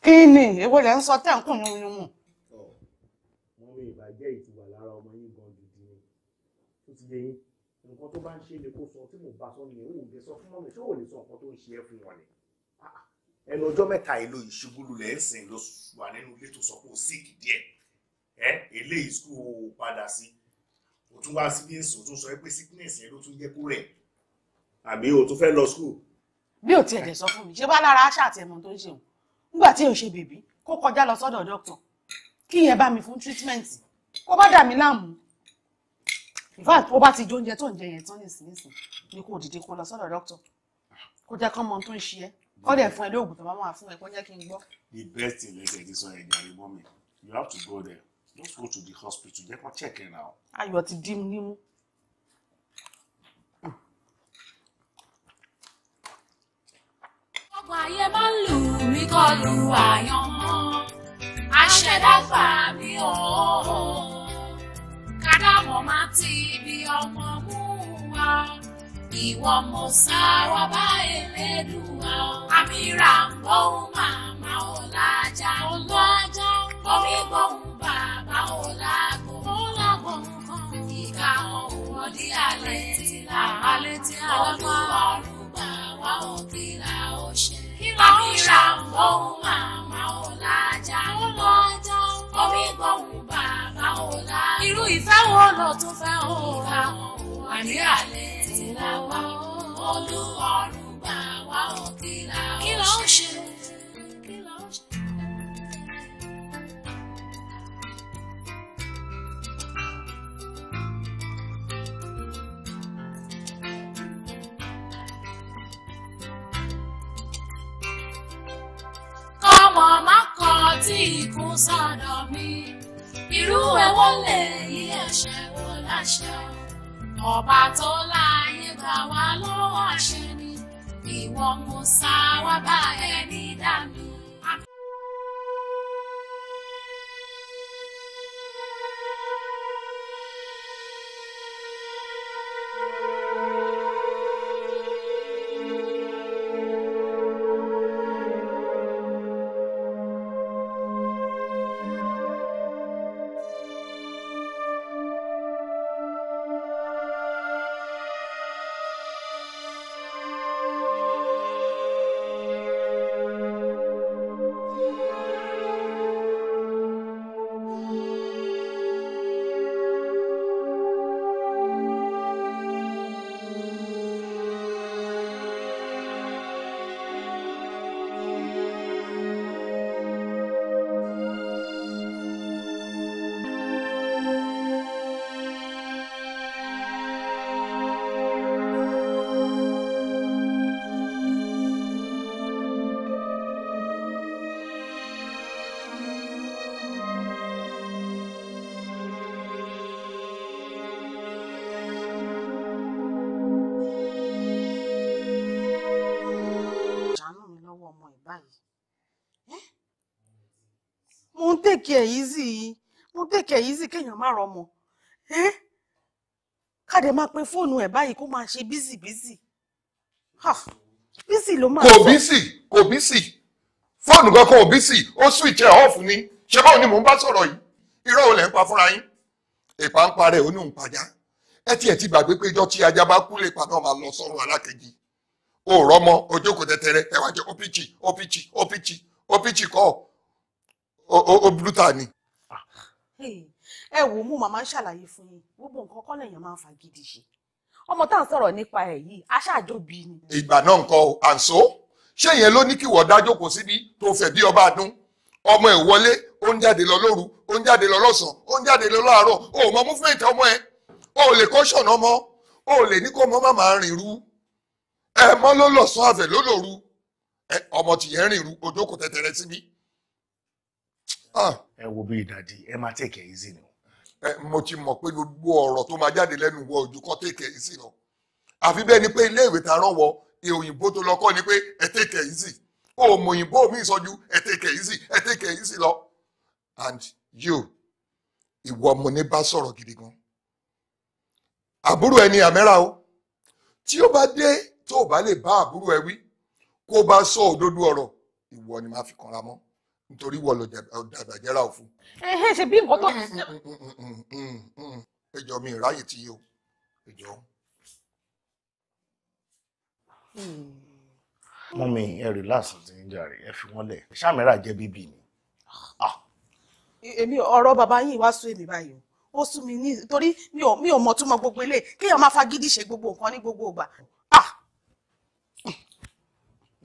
kí ni èwo lẹ ń sọ tẹ́ ń kùn ní oyún mu. wọ́n rí ìbàjẹ́ ìtura lára ọmọ yín gan gidi ni ó ti yẹ nǹkan tó bá ń ṣe ni kó sọ tí mo bá sọ nìyẹn ó lè sọ fún mọ́mí tí ó lè sọ nǹkan tó ń ṣe é fún wọn ni ẹnu ọjọ́ mẹ́ta ìlò ìṣubúlù lẹ́ ń sìn lọ wà nínú ilé tó sọ pé ó síìkì díẹ̀ ẹ eléyìí sùkú padà sí o tún wá sí bíyẹn o tún sọ pé sickness yẹn ló tún jẹ́ kó rẹ̀ àbí o tún fẹ́ lọ sùkúù. bí o tiẹ̀ dẹ̀ sọ fún mi ṣé bá lára aṣá àti ẹ̀mọ́ tó ń ṣe o nígbà tí o ṣe bèbí kó kọjá lọ sọ́dọ̀ dókítà kí yẹn bá mi fún treatment kó bá dà mí láàmú in fact ó bá ti jóúnjẹ tó ń jẹ yẹn tán nísinsìnyí ni kò dìde kó lọ sọ́dọ̀ dókítà kó jẹ́ kọ́mọ tó ń ṣe ẹ́ ó dẹ̀ fún ẹ lóògùn tó bá máa fún ẹ kó jẹ́ kí n gbọ́. the best thing lẹ́sẹ̀ ti sọ ẹ̀ ní àríwọ́ mi you have to go there just go to the hospital jẹ́ kó check ẹ̀ náà. ayọ̀ ti dí mi nímú. ọgbà ayé máa ń lù mí kọ́ lu àyàn mọ́ aṣẹ́dàgbà mi ò kádàmọ́ máa ti ibi ọmọ mú wa ìwọ mo sáwà bá Elédùà àmìrà ń gbóhùn màmá ọ̀làjà ọ̀làjà omi gbóhùn bàbá ọ̀làgò ọ̀làgò nǹkan ìka ọ̀wọ́ di alẹ́ tí la alẹ́ tí a wá ọ̀rùn bàbá òkìlà ọ̀ṣẹ́ àmìrà ń gbóhùn màmá ọ̀làjà ọ̀làjà omi gbóhùn bàbá ọ̀làgò irú ìfẹ́ wo ló tún fẹ́ òun ra àní alẹ́ là wá o olúwarùn gbà wá o kí là mi irú ẹ̀ lè yí ẹ̀ṣẹ̀ wò láṣẹ ọba tó láàyè gbà wá lọ́wọ́ àṣẹ ni ìwọ mo sá bá ẹni dá mi. tèkì ẹ̀ easy mo tèkì ẹ̀ easy kéèyàn má rọmọ káde máa pe fóònù ẹ̀ báyìí kó máa ṣe bísì bísì bísì ló máa sọ. kò bísì kò bísì fóònù kankan ò bísì ó switch ẹ̀ off ni ṣé báwo ni mò ń bá sọ̀rọ̀ yìí irọ́ ò lẹ́ ń pa fúnra yín ìpà ń parẹ́ òun ní òun pàjá ẹ tiẹ̀ ti gbàgbé pé ijọ́ tí ajá bá kú lè padà máa lọ sọ́run alákejì òòrọ́ mọ́ ojókòó tẹ́tẹ́rẹ́ ẹ̀wájọ́ ó pìchì ó pìchì ó pìchì ó pìchì kọ́ ọ̀ ó búrúta ni. ẹ wo mú màmá ṣàlàyé fún yín gbogbo nǹkan kọ́ lèèyàn máa ń fa gidi ṣe ọmọ tá à ń sọ̀rọ̀ nípa ẹ̀ yìí aṣáájú bí ni. ìgbà náà nǹkan àǹsó ṣé yẹn ló ní kí wọ́n dájọ́ kò síbi tó fẹ́ bí ọba dún ọmọ ẹ̀ wọlé ó ń jáde lọ lóru ó ń jáde lọ lọ́sàn-án ó ń jáde lọ láàárọ̀ o ò mọ múfẹ́ǹtì ọmọ ẹ o ò lè kọ́ṣọ̀n ọmọ o ò lè ní kó ọmọ má máa rìn rú ẹ mọ́ ló lọ̀sán àfẹ̀ ló lòru ọmọ tìyẹn rìn rú ojókòó tẹ̀tẹ̀rẹ̀ síbi Ah. ẹ wo bí ìdàdí ẹ máa tẹ̀kẹ̀ yìí sí ni. mo ti mọ̀ pé gbogbo ọ̀rọ̀ tó máa jáde lẹ́nu wọ ojú kọ́ tẹ̀kẹ̀ yìí sí lọ àfi bẹ́ẹ̀ ni pé ilé ìwé ta rán wọ òyìnbó tó lọ kọ́ ni pé ẹ tẹ̀kẹ̀ yìí sí òmò òyìnbó mi ìsọjú ẹ tẹ̀kẹ̀ yìí sí ẹ tẹ̀kẹ̀ yìí sí lọ and you ìwọ ọmọ ní bá sọ̀rọ̀ gidi gan àbúrò ẹni àmẹ́ra o tí ó bá dé tó o bá lè bá àbúrò ẹ wí kó o bá sọ òdodo ọ̀rọ̀ ìwọ nítorí wọ́n lọ dàgbà jẹ́ra òfin. ẹ ẹ ṣe bí nǹkan tó. Mm, mm, mm, ẹjọ mi ìráyè ti yé o ẹjọ. Hmm. mọ́mí ẹ relax ti ń jàre ẹ fi wọ́n lẹ̀ ṣàmìlà jẹ́ bíbí ni. Ah. èmi ọ̀rọ̀ bàbá yìí wá sún èmi báyìí ó sún mi nítorí mi ò mọ̀ tó mọ gbogbo eléyìí kéèyàn máa fagídí ṣe gbogbo nǹkan ní gbogbo ìgbà. Ah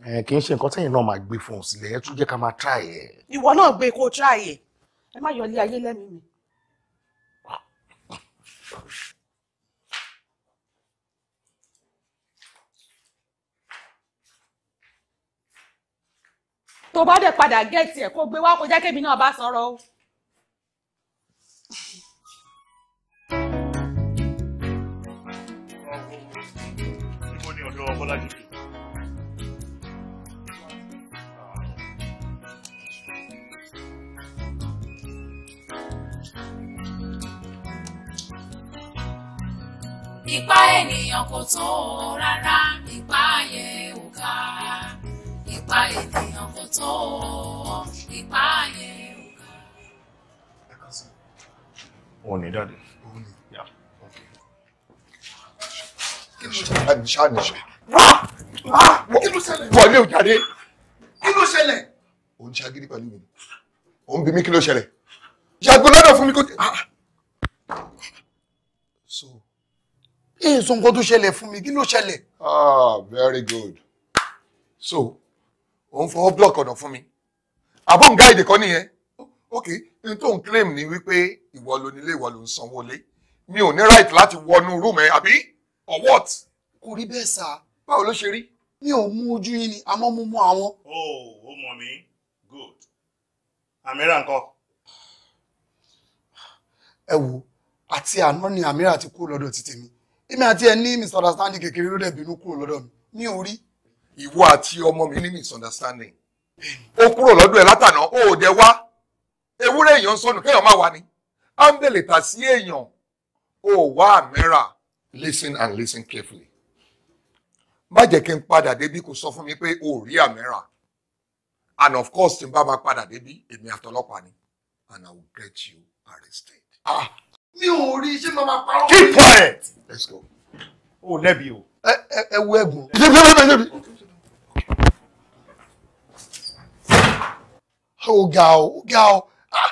kì í ṣe nǹkan tẹ́yìn náà máa gbé fún un sílẹ̀ ẹ tún jẹ́ ká máa try ẹ. ìwọ náà gbé kó try ẹ ẹ má yọlé ayé lẹ́mìí mi. tó bá dẹ̀ padà gẹ̀ẹ́tì ẹ̀ kó gbé wá kó jẹ́ náà bá sọ̀rọ̀ o. ọ̀dọ̀ ọ̀bọ̀lájú ipá ènìyàn kò tó rárá ipá yẹn ò ká ipá ènìyàn kò tó ipá yẹn ò ká. òun ni dáadé. wà ní òjáde. kí ló ṣẹlẹ̀. òun ṣe agídí pẹ̀lú mi òun bí mi kí ló ṣẹlẹ̀. yàgò lọ́dọ̀ fún mi kó tẹ̀. Ah, èyí sọ nǹkan tó ṣẹlẹ̀ fún mi kí ló ṣẹlẹ̀. ah very good so òun fọwọ́ block ọ̀nà fún mi àbọ̀ ń gáìdì kan nìyẹn ok n tó ń claim ni wípé ìwọ ló nílé ìwọ ló ń sanwó lé mi ò ní right láti wọnú room ẹ àbí or what. kò rí bẹ́ẹ̀ sá. báwo ló ṣe rí. mi ò mú ojú yín ni àmọ́ mo mú àwọn. o oh, ò mọ̀ mí good àmírà ńkọ́. ẹ wo àti àná ni àmírà ti kú lọ́dọ̀ ti tèmi èmi àti ẹ ní misunderstanding kékeré ló dẹ̀ bínú kúrò lọ́dọ̀ mi ní orí. ìwọ àti ọmọ mi ní misunderstanding ó kúrò lọ́dọ̀ ẹ látànà ó ò dẹ̀ wá ewúrẹ́ èèyàn sọnù kéèyàn má wà ní áńbẹ̀lẹ̀ tà sí èèyàn ó wá àmẹ́rà listen and listen carefully má jẹ́ kí n padà débí kó sọ fún mi pé o ò rí àmẹ́rà and of course tí n bá máa padà débí èmi àtọlọ́pàá ni and I will get you arrested. Ah mi ò rí ṣé máa parọ́. keep quiet. let's go. o lẹ́bi o. ẹ ẹ ẹ wo ẹ̀gbọ́n. ó ga ọ ó ga ọ ah,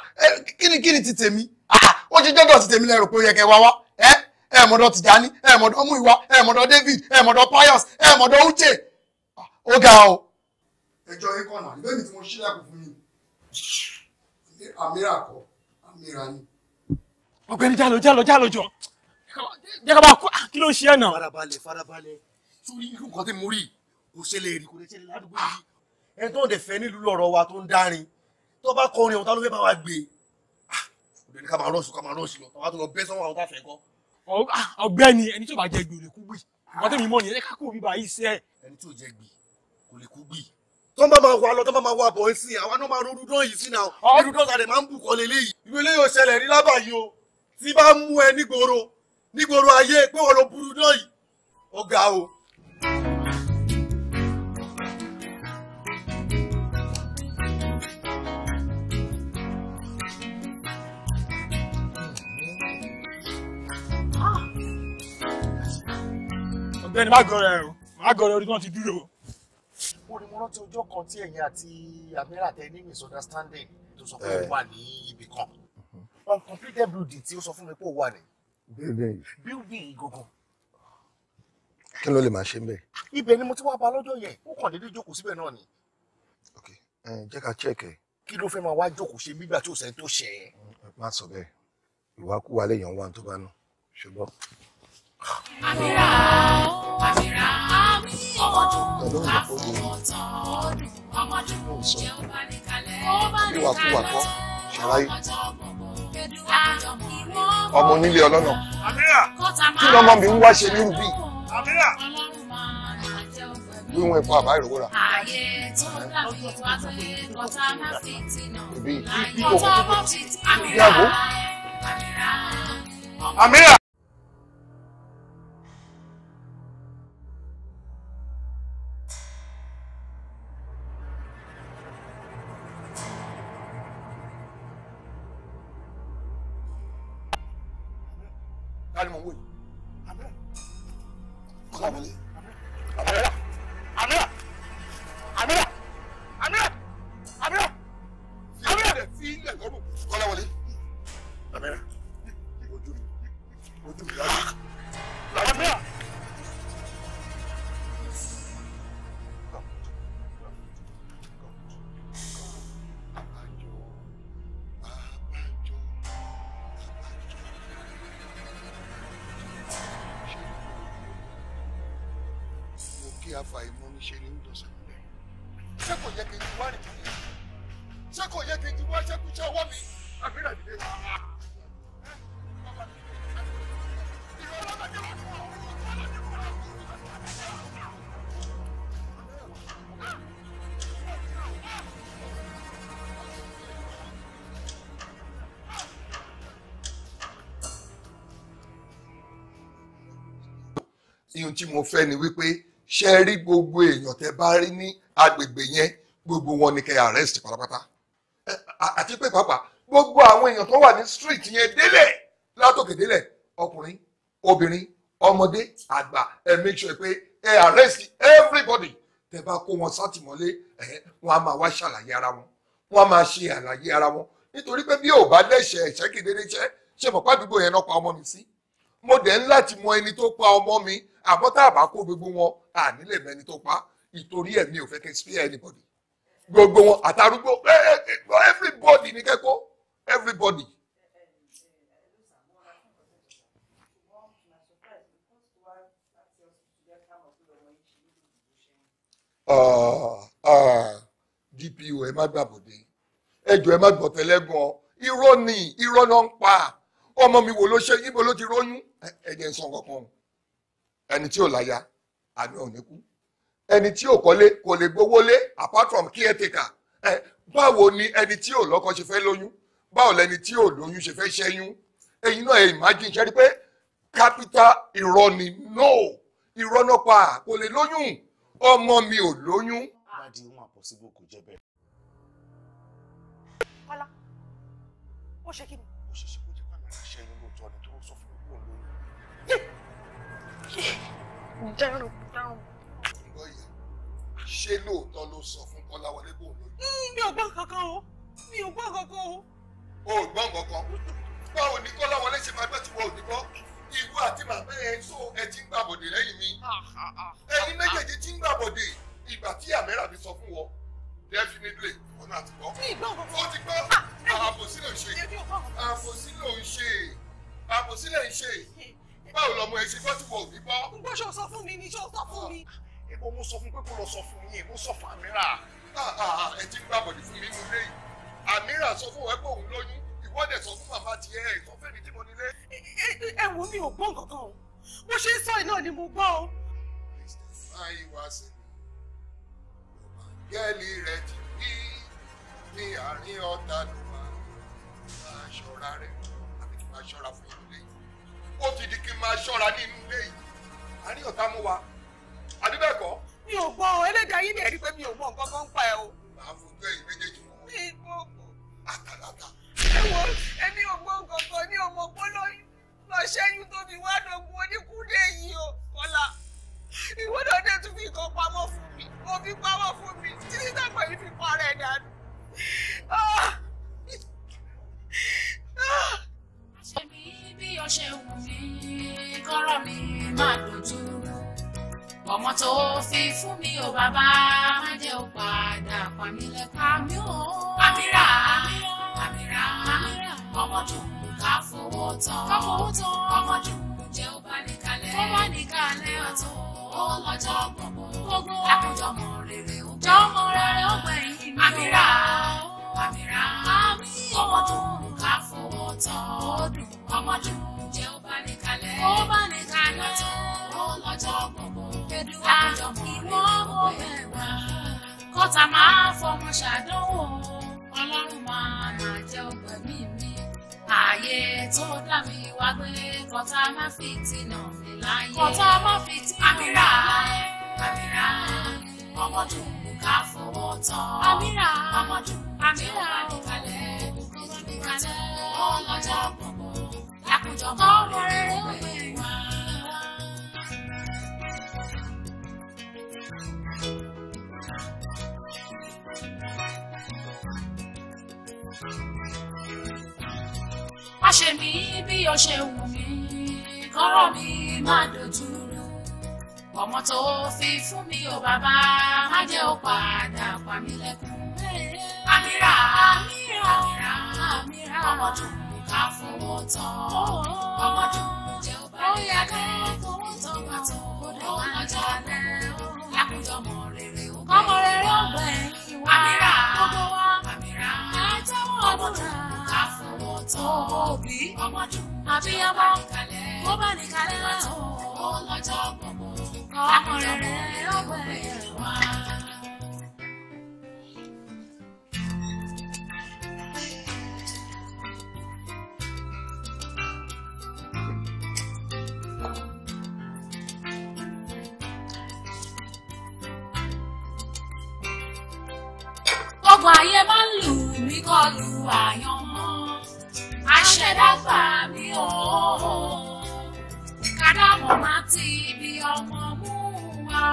kí ni kí ni ti tèmi ah, ó ṣe jọ́dọ̀ ti tèmi lẹ́rù pé ó yẹ kẹ́ wá wá ẹ ẹ mọ̀dọ̀ tìjání ẹ mọ̀dọ̀ múìwá ẹ mọ̀dọ̀ david ẹ mọ̀dọ̀ pius ẹ mọ̀dọ̀ uche ah, ó ga ọ. ẹjọ́ ikọ̀ náà ìbéèrè tí mo ṣílẹ̀kùn fún mi àmì àkọ́ àmì ìrànì ọ̀gbẹ́ni jálọ jálọ jálọ jọ jẹ́ ká bá kú ah, kí ló ṣe ẹ̀ náà. farabalẹ̀ farabalẹ̀ sórí irú nǹkan tí mo rí kò ṣẹlẹ̀ rí kò ṣẹlẹ̀ ládùúgbò yìí ẹni tó ń dẹ̀ fẹ́ nílùú lọ́rọ̀ wa tó ń dárin tó bá kọrin ọ̀tá ló fẹ́ bá wa gbé ah, ọ̀gbẹ́ni ká máa rọ̀ṣù ká máa rọ̀ṣù lọ àwọn tó lọ bẹ́ sọ́wọ́ àwọn tá fẹ́ kọ́. ọ̀gbẹ́ni ẹni tó bá jẹ gbì ò lè kú gbì wọ́n tẹ̀mí mọ́ nìyẹn kákó bíbá yìí sẹ́. ẹni tó jẹ gbì kò lè kú gbì tó bá máa wà lọ tó bá máa wà bọ̀ ẹ́ sí àwọn náà máa ronú dán yìí sí náà irú dán tàdé máa ń bù kọ́ lélẹ́yìí ìwé lẹ́yìn ọ̀ṣẹlẹ̀ rí lábàáyé o tí bá ń mú ẹ nígboro nígboro ayé pé wọn ló burú náà yìí ó ga o. ọ̀gbẹ́ni má gọrọ ẹ má gọrọ orí náà ti dúró. mo ní mo rántí ọjọ́ kan tí ẹ̀yin àti amira tẹ ní misunderstanding tó sọ pé ó eh. wà ní ibì kan uncompleted building tí ó sọ fún mi pé ó wà ní. building. building ìgògàn. kí ló lè máa ṣe ń bẹ̀. ibẹ̀ ni mo ti wá bá lọ́jọ́ yẹn ó kàn déédéé jókòó síbẹ̀ náà ni. ok jẹ́ ká check ẹ̀. kí ló fẹ́ máa wá jókòó ṣe nígbà tí òsè tó ṣe. má sọ bẹ́ẹ̀ ìwákúwà lèèyàn wà tó bá nù ṣùgbọ́n. àmìrà àmìrà ọmọdún àfọwọ́tàn ọdún ọmọdún jẹun bá ní kalẹ̀ ọmọdún kalẹ̀ ọmọdún ọmọdún ọmọdún ọmọ onílé ọlọ́nà kí ni mi ń wá ṣe nírú bí wíwọ̀n ẹ̀fọ́ àbá ìrọ̀wọ́ra. ìbí ìbí kò kọ́ tí mo fẹ́ ni wípé ṣe rí gbogbo èèyàn tẹ bá rí ní agbègbè yẹn gbogbo wọn ni kẹ́ arrest pátápátá àti pé pàápàá gbogbo àwọn èèyàn tó wà ní street yẹn délẹ̀ látòkè délẹ̀ ọkùnrin obìnrin ọmọdé àgbà ẹ make sure pé ẹ arrest everybody tẹ bá kó wọn sátìmọ́lé ẹ wọn a máa wá ṣàlàyé ara wọn wọn a máa ṣe àlàyé ara wọn nítorí pé bí ò bá lẹ́sẹ̀ ẹ̀ṣẹ́ kedere ṣe mọ̀ pàdúgbò yẹn náà pa ọmọ mi sí mo dẹ̀ ń láti mọ ẹni tó pa ọmọ mi àmọ́ tá a bá kó gbogbo wọn à nílẹ̀ mẹ́ni tó pa ìtorí ẹ̀mí ò fẹ́ kẹ́ spare anybody gbogbo wọn àtàrúgbó everybody ní kẹ́kọ́ everybody. Ah, ah, DPO ẹ má gbàbọ̀dé ẹjọ́ ẹ má gbọ̀tẹ́lẹ́gàn irọ́ ni irọ́ náà ń pa ọmọ mi wò ló ṣe ibo ló ti róyún ẹ̀jẹ̀ ń sọ kankan ẹni tí ò láya àná ò ní kú ẹni tí ò kọ́lé kò lè gbowó lé apart from caretaker ẹ báwo ni ẹni tí ò lọ́kọ ṣe fẹ́ lóyún báwo lẹni tí ò lóyún ṣe fẹ́ ṣẹ́yún ẹ̀yin náà ẹ imagine ṣe rí pé capital irọ́ ni no irọ́ náà pa kò lè lóyún ọmọ mi ò lóyún. dádì wọn àpọ̀síbò kò jẹ́ bẹ́ẹ̀. kọ́lá ó ṣe kí ni. ó ṣe ṣe kó jẹ́ pàmò àṣẹ lóòótọ́ ni tó ń sọ fún mi kó lóyún dárò dárò. ìwọ yẹn ṣé lóòótọ́ ló sọ fún kọ́láwọlé bò lóyún. Hmm, mi ò gbọ́ kankan o mi ò gbọ́ kankan o. o ò gbọ́ kankan báwo ni kọ́láwọlé ṣe máa gbọ́ tí wọ́n ò ní gbọ́ ìwọ àti bàbá ẹ so ẹ ti ń gbàbọ̀dè lẹ́yìn mi ẹ̀yin méjèèjì ti ń gbàbọ̀dè ìgbà tí àmẹ́rà mi sọ fún wọn definitely wọn náà ti gbọ́ ó ti gbọ́ ah, àbòsí ló ń ṣe àbòsí ló ń ṣe àbòsí ń ṣe báwo lọmọ ẹ ṣe gbọ́ tí wọ́n ò ní gbogbo ṣe sọ fún mi ni ṣe sọ fún mi. èpo mo sọ fún pé kó lọ sọ fún yín èpo sọ fún Amira ah, ah, ah, ẹ ti gbà bọ̀dì fún mi nínú ilé yìí Amira sọ fún ẹ pé òun lóyún ìwọ́dẹ̀ sọ fún màmá tiẹ̀ ẹ̀ tí mo nílé. ẹ wo mi ò gbọ́ nǹkan kan ṣe ń sọ iná ni mo gbọ́ o. gẹ́lì rẹ̀ ti bí ní àárín ọ̀tá ló máa ṣọ́ra rẹ̀ àbí kí n máa ṣọ́ra fún yín ó ti di kí n máa ṣọ́ra ní inú ilé yìí àárín ọ̀tá mú wa àbí bẹ́ẹ̀ kọ́. mi ò gbọ́ ẹlẹ́dàá yín lè rí pé mi ò mọ nǹkan kan pa ẹ o. màá fojú ẹ̀yin méjèèjì wọn. mi ò mọ. àtàlàtà. ẹ wo ò gbọ́ nǹkan kan ní ọmọ pọ́lọ́yún lọ ṣẹ́yún tó wá dọ̀gbọ́n oníkúndé yìí o kọ́lá ìwọ dé tún fi nǹkan pamọ́ fún mi mo fi pamọ́ fún mi títí dàpọ̀ yìí fi pa ara ẹ̀ dànù. Ah! Ah! ṣe bí ó ṣe wù mí kọ́rọ̀ mi máa dojú ọmọ tó fi fún mi ò bàbá má jẹ́ ò padà pa mí lẹ́pa mi ò. ọmọ dùn ká fowó tán ká fowó tán ọmọ dùn jẹ́ ó bá ní kalẹ̀ ó bá ní kalẹ̀ ọ̀tún ó lọ́jọ́ gbogbo gbogbo àkójọmọ rere ó jọmọ rere ó gbẹ̀yìn mi ò. àmìrà ọmọ dùn fowó tán ó dùn ọmọdún jẹ́ ó bá ní kalẹ̀ ó bá ní kalẹ̀ tán ó lọ́jọ́ gbogbo kedua ìwọ ó mẹ́wàá kọ́ta máa fọmọ ṣàdánwò ọlọ́run máa nà jẹ́ ọgbẹ̀mí mi ààyè tó dá mi wá gbé kọ́ta má fi tìǹà mi láyé kọ́ta má fi tìǹà mi láyé àmìrà ọmọdún ká fowó tán àmìrà ọmọdún jẹ́ ó bá ní kalẹ̀ kàtẹ́ ọlọ́jà gbogbo àkùjọ kọ́ rere òye wá. má ṣe mí bí o ṣe wù mí kọ́rọ̀ mi má dojú rú ọmọ tó fi fún mi ò bàbá má jẹ́ ó padà pa mí lẹ́kùn. àmìrà àmìrà àmìrà ọmọdún mi fún wọn ọmọdún jẹ́ ó bá ní alẹ́ ìgbà tó ó alẹ́ lákòjọ́ mọ̀ rere ó gbẹ̀yìn wá àmìrà àmìrà ọmọdún mi fún wọn òbí ọmọdún jẹ́ ó bá ní kalẹ̀ ó bá ní kalẹ̀ ó lọ́jọ́ gbogbo lákòjọ́ mọ̀ rere ó gbẹ̀yìn wá. gbogbo ayé má lù mí kọ́ lu àyàn mọ́ aṣẹ́dàgbà mi ò kádàmọ́ má ti ibi ọmọ mú wa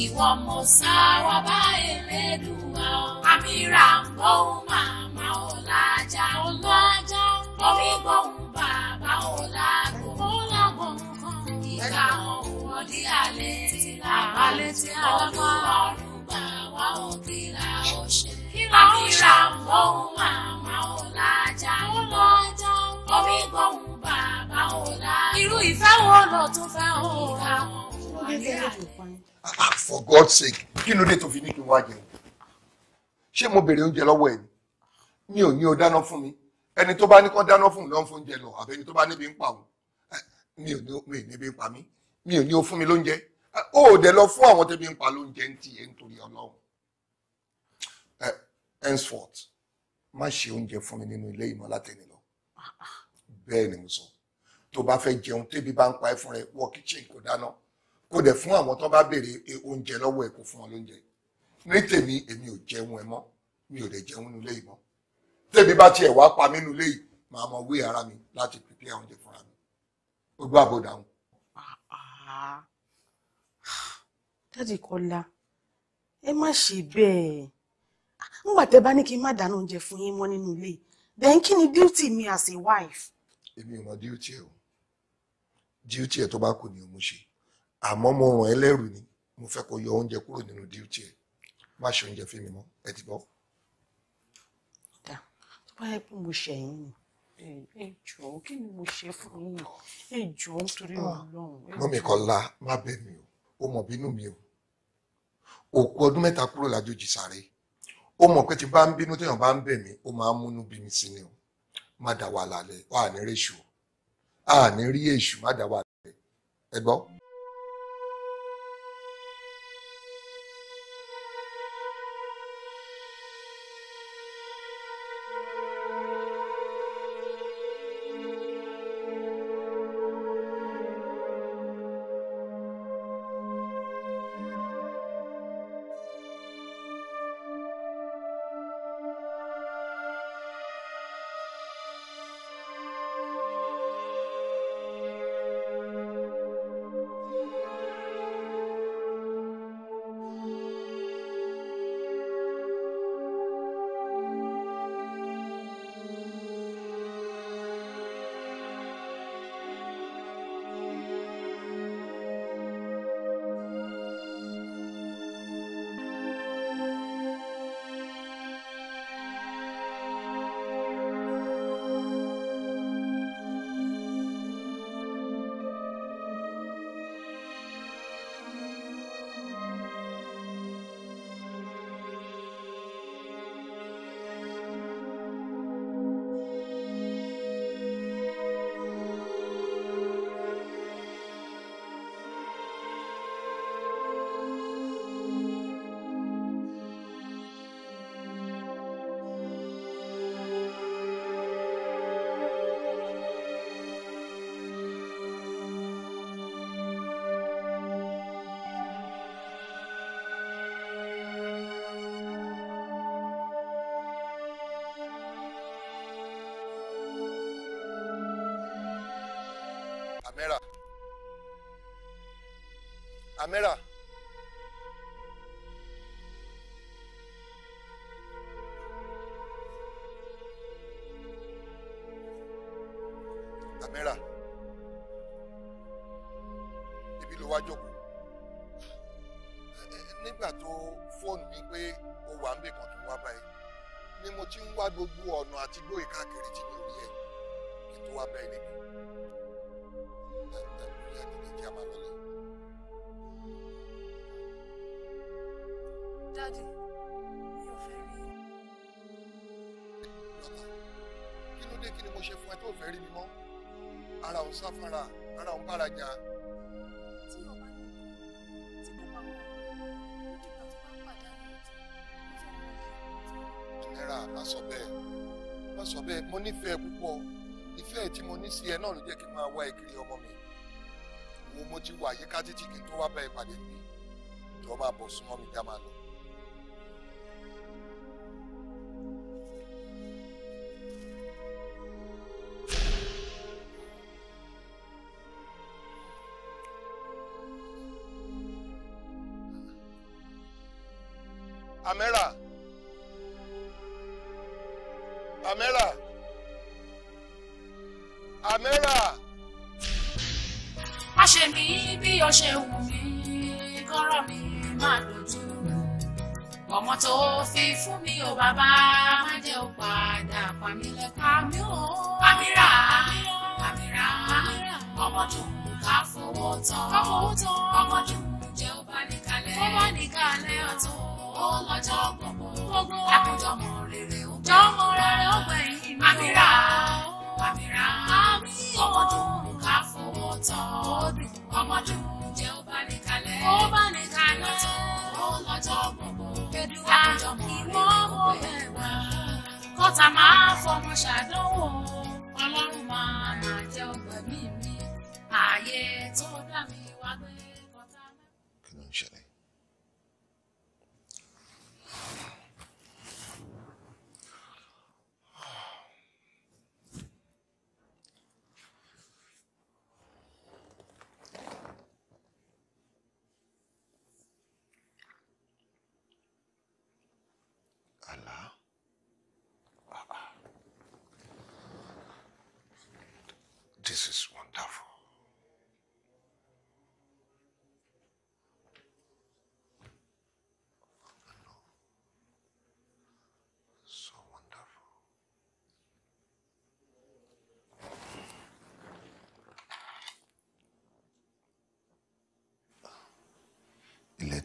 ìwọ mo sá wa bá Elédùà àmìrà ń gbóhùn màmá ò lájà ò lájà omi gbóhùn bàbá ò lágbo ò lágbo nǹkan ìka ọ̀hún ọdí alẹ́ ti là alẹ́ ti àlọ́ ọdún ọ̀run gbà wá òkè. Ah, for God's sake kí ló dé tó fi ní kí n wá jẹ ṣé mo béèrè oúnjẹ lọ́wọ́ ẹ̀ ni mi ò ní o dáná fún mi ẹni tó bá ní kó dáná fún un ló ń fóúnjẹ lọ àbẹ ẹni tó bá níbi ń pa òun eh, mi ò ní níbi ń pa mí mi ò ní o fún mi lóúnjẹ ó eh, ò dẹ lọ fún àwọn tẹ́bi ń pa lóúnjẹ ń tiẹ̀ nítorí Ọlọ́run henceforth má ṣe oúnjẹ fún mi nínú ilé ìmọ̀ látẹni lọ bẹ́ẹ̀ ni mo sọ tó bá fẹ́ jẹun tébi bá ń pa ẹ́ fúnra ẹ wọ kitchen kó dáná kó dẹ̀ fún àwọn tó bá béèrè oúnjẹ lọ́wọ́ ẹ kó fún wọn lóúnjẹ ní tèmi èmi ò jẹun ẹ mọ́ mi ò dẹ̀ jẹun nínú ilé ìmọ̀ tébi bá tiẹ̀ wá pa mí nínú ilé yìí màá mọ wí ara mi láti prepare oúnjẹ fúnra mi ó gbọ́ àbò dáhùn. dádì Kọ́lá ẹ má ṣe bẹ́ẹ̀ ńgbà tẹ bá ní kí n má dáná oúnjẹ fún yín mọ́ nínú ilé then kí ni duty mi as a wife. èmi ò mọ duty ẹ o duty ẹ tó bá kù ni mo ṣe àmọ́ mo ràn ẹ́ lẹ́rù ni mo fẹ́ kó yọ oúnjẹ kúrò nínú duty ẹ má ṣe oúnjẹ fún mi mọ́ ẹ ti bọ́. dá tó bá yẹ pé mo ṣẹ̀yìn ni ẹ jọ̀ọ́ kí ni mo ṣe fún yín ẹ jọ̀ọ́ nítorí ah, Ọlọ́run. mọ́mí Kọ́lá má bẹ̀ mí o ó mọ̀ bínú mi o òkú ọdún mẹ́ta kúrò lájòjì sáré ó mọ̀ pé tí bá ń bínú téèyàn bá ń bẹ̀ mí ó máa ń múnú bí mi sí ni o má dá wa lálẹ́ wà ní rí èṣù à ní rí èṣù má dá wa lálẹ́ ẹ gbọ́. Amela. Amela. ara òun sáfara ara òun bárajà. tí ọba ní tí kò bá wà nígbà tó bá pàdánù ètò ìjọba. ẹnẹ́ra má sọ bẹ́ẹ̀ má sọ bẹ́ẹ̀ mo nífẹ̀ẹ́ púpọ̀ ìfẹ́ tí mo ní sí ẹ náà ló jẹ́ kí n máa wá ìkiri ọmọ mi wo mo ti wà yíká títí kí n tó wá bá pàdé mi jọba bọ̀ súnmọ́ mi já máa lọ. àmẹ́rà. má ṣe mí bí ọṣẹ wù mí kọ́rọ̀ mi máa dojú ọmọ tó fi fún mi ò bàbá má jẹ́ ò padà pàmílẹ́ká mi ò àmìrà àmìrà ọmọ dùn ká fowó tán ọmọ dùn jẹ́ ó bá ní kalẹ̀ ó bá ní kalẹ̀ ọ̀tún ó lọ́jọ́ gbogbo àkójọmọ rere ó gbẹ̀yìn àmìrà bá mi rà á mi yọ. ọmọdún ká fowó tán. ọdún ọmọdún jẹ́ ó bá ní kalẹ̀. ó bá ní kalẹ̀. ó lọ́jọ́ gbogbo. kedua ìwọ mo máa máa máa jẹ́ ọgbẹ̀mí mi. ààyè tó dá mi wá gbé.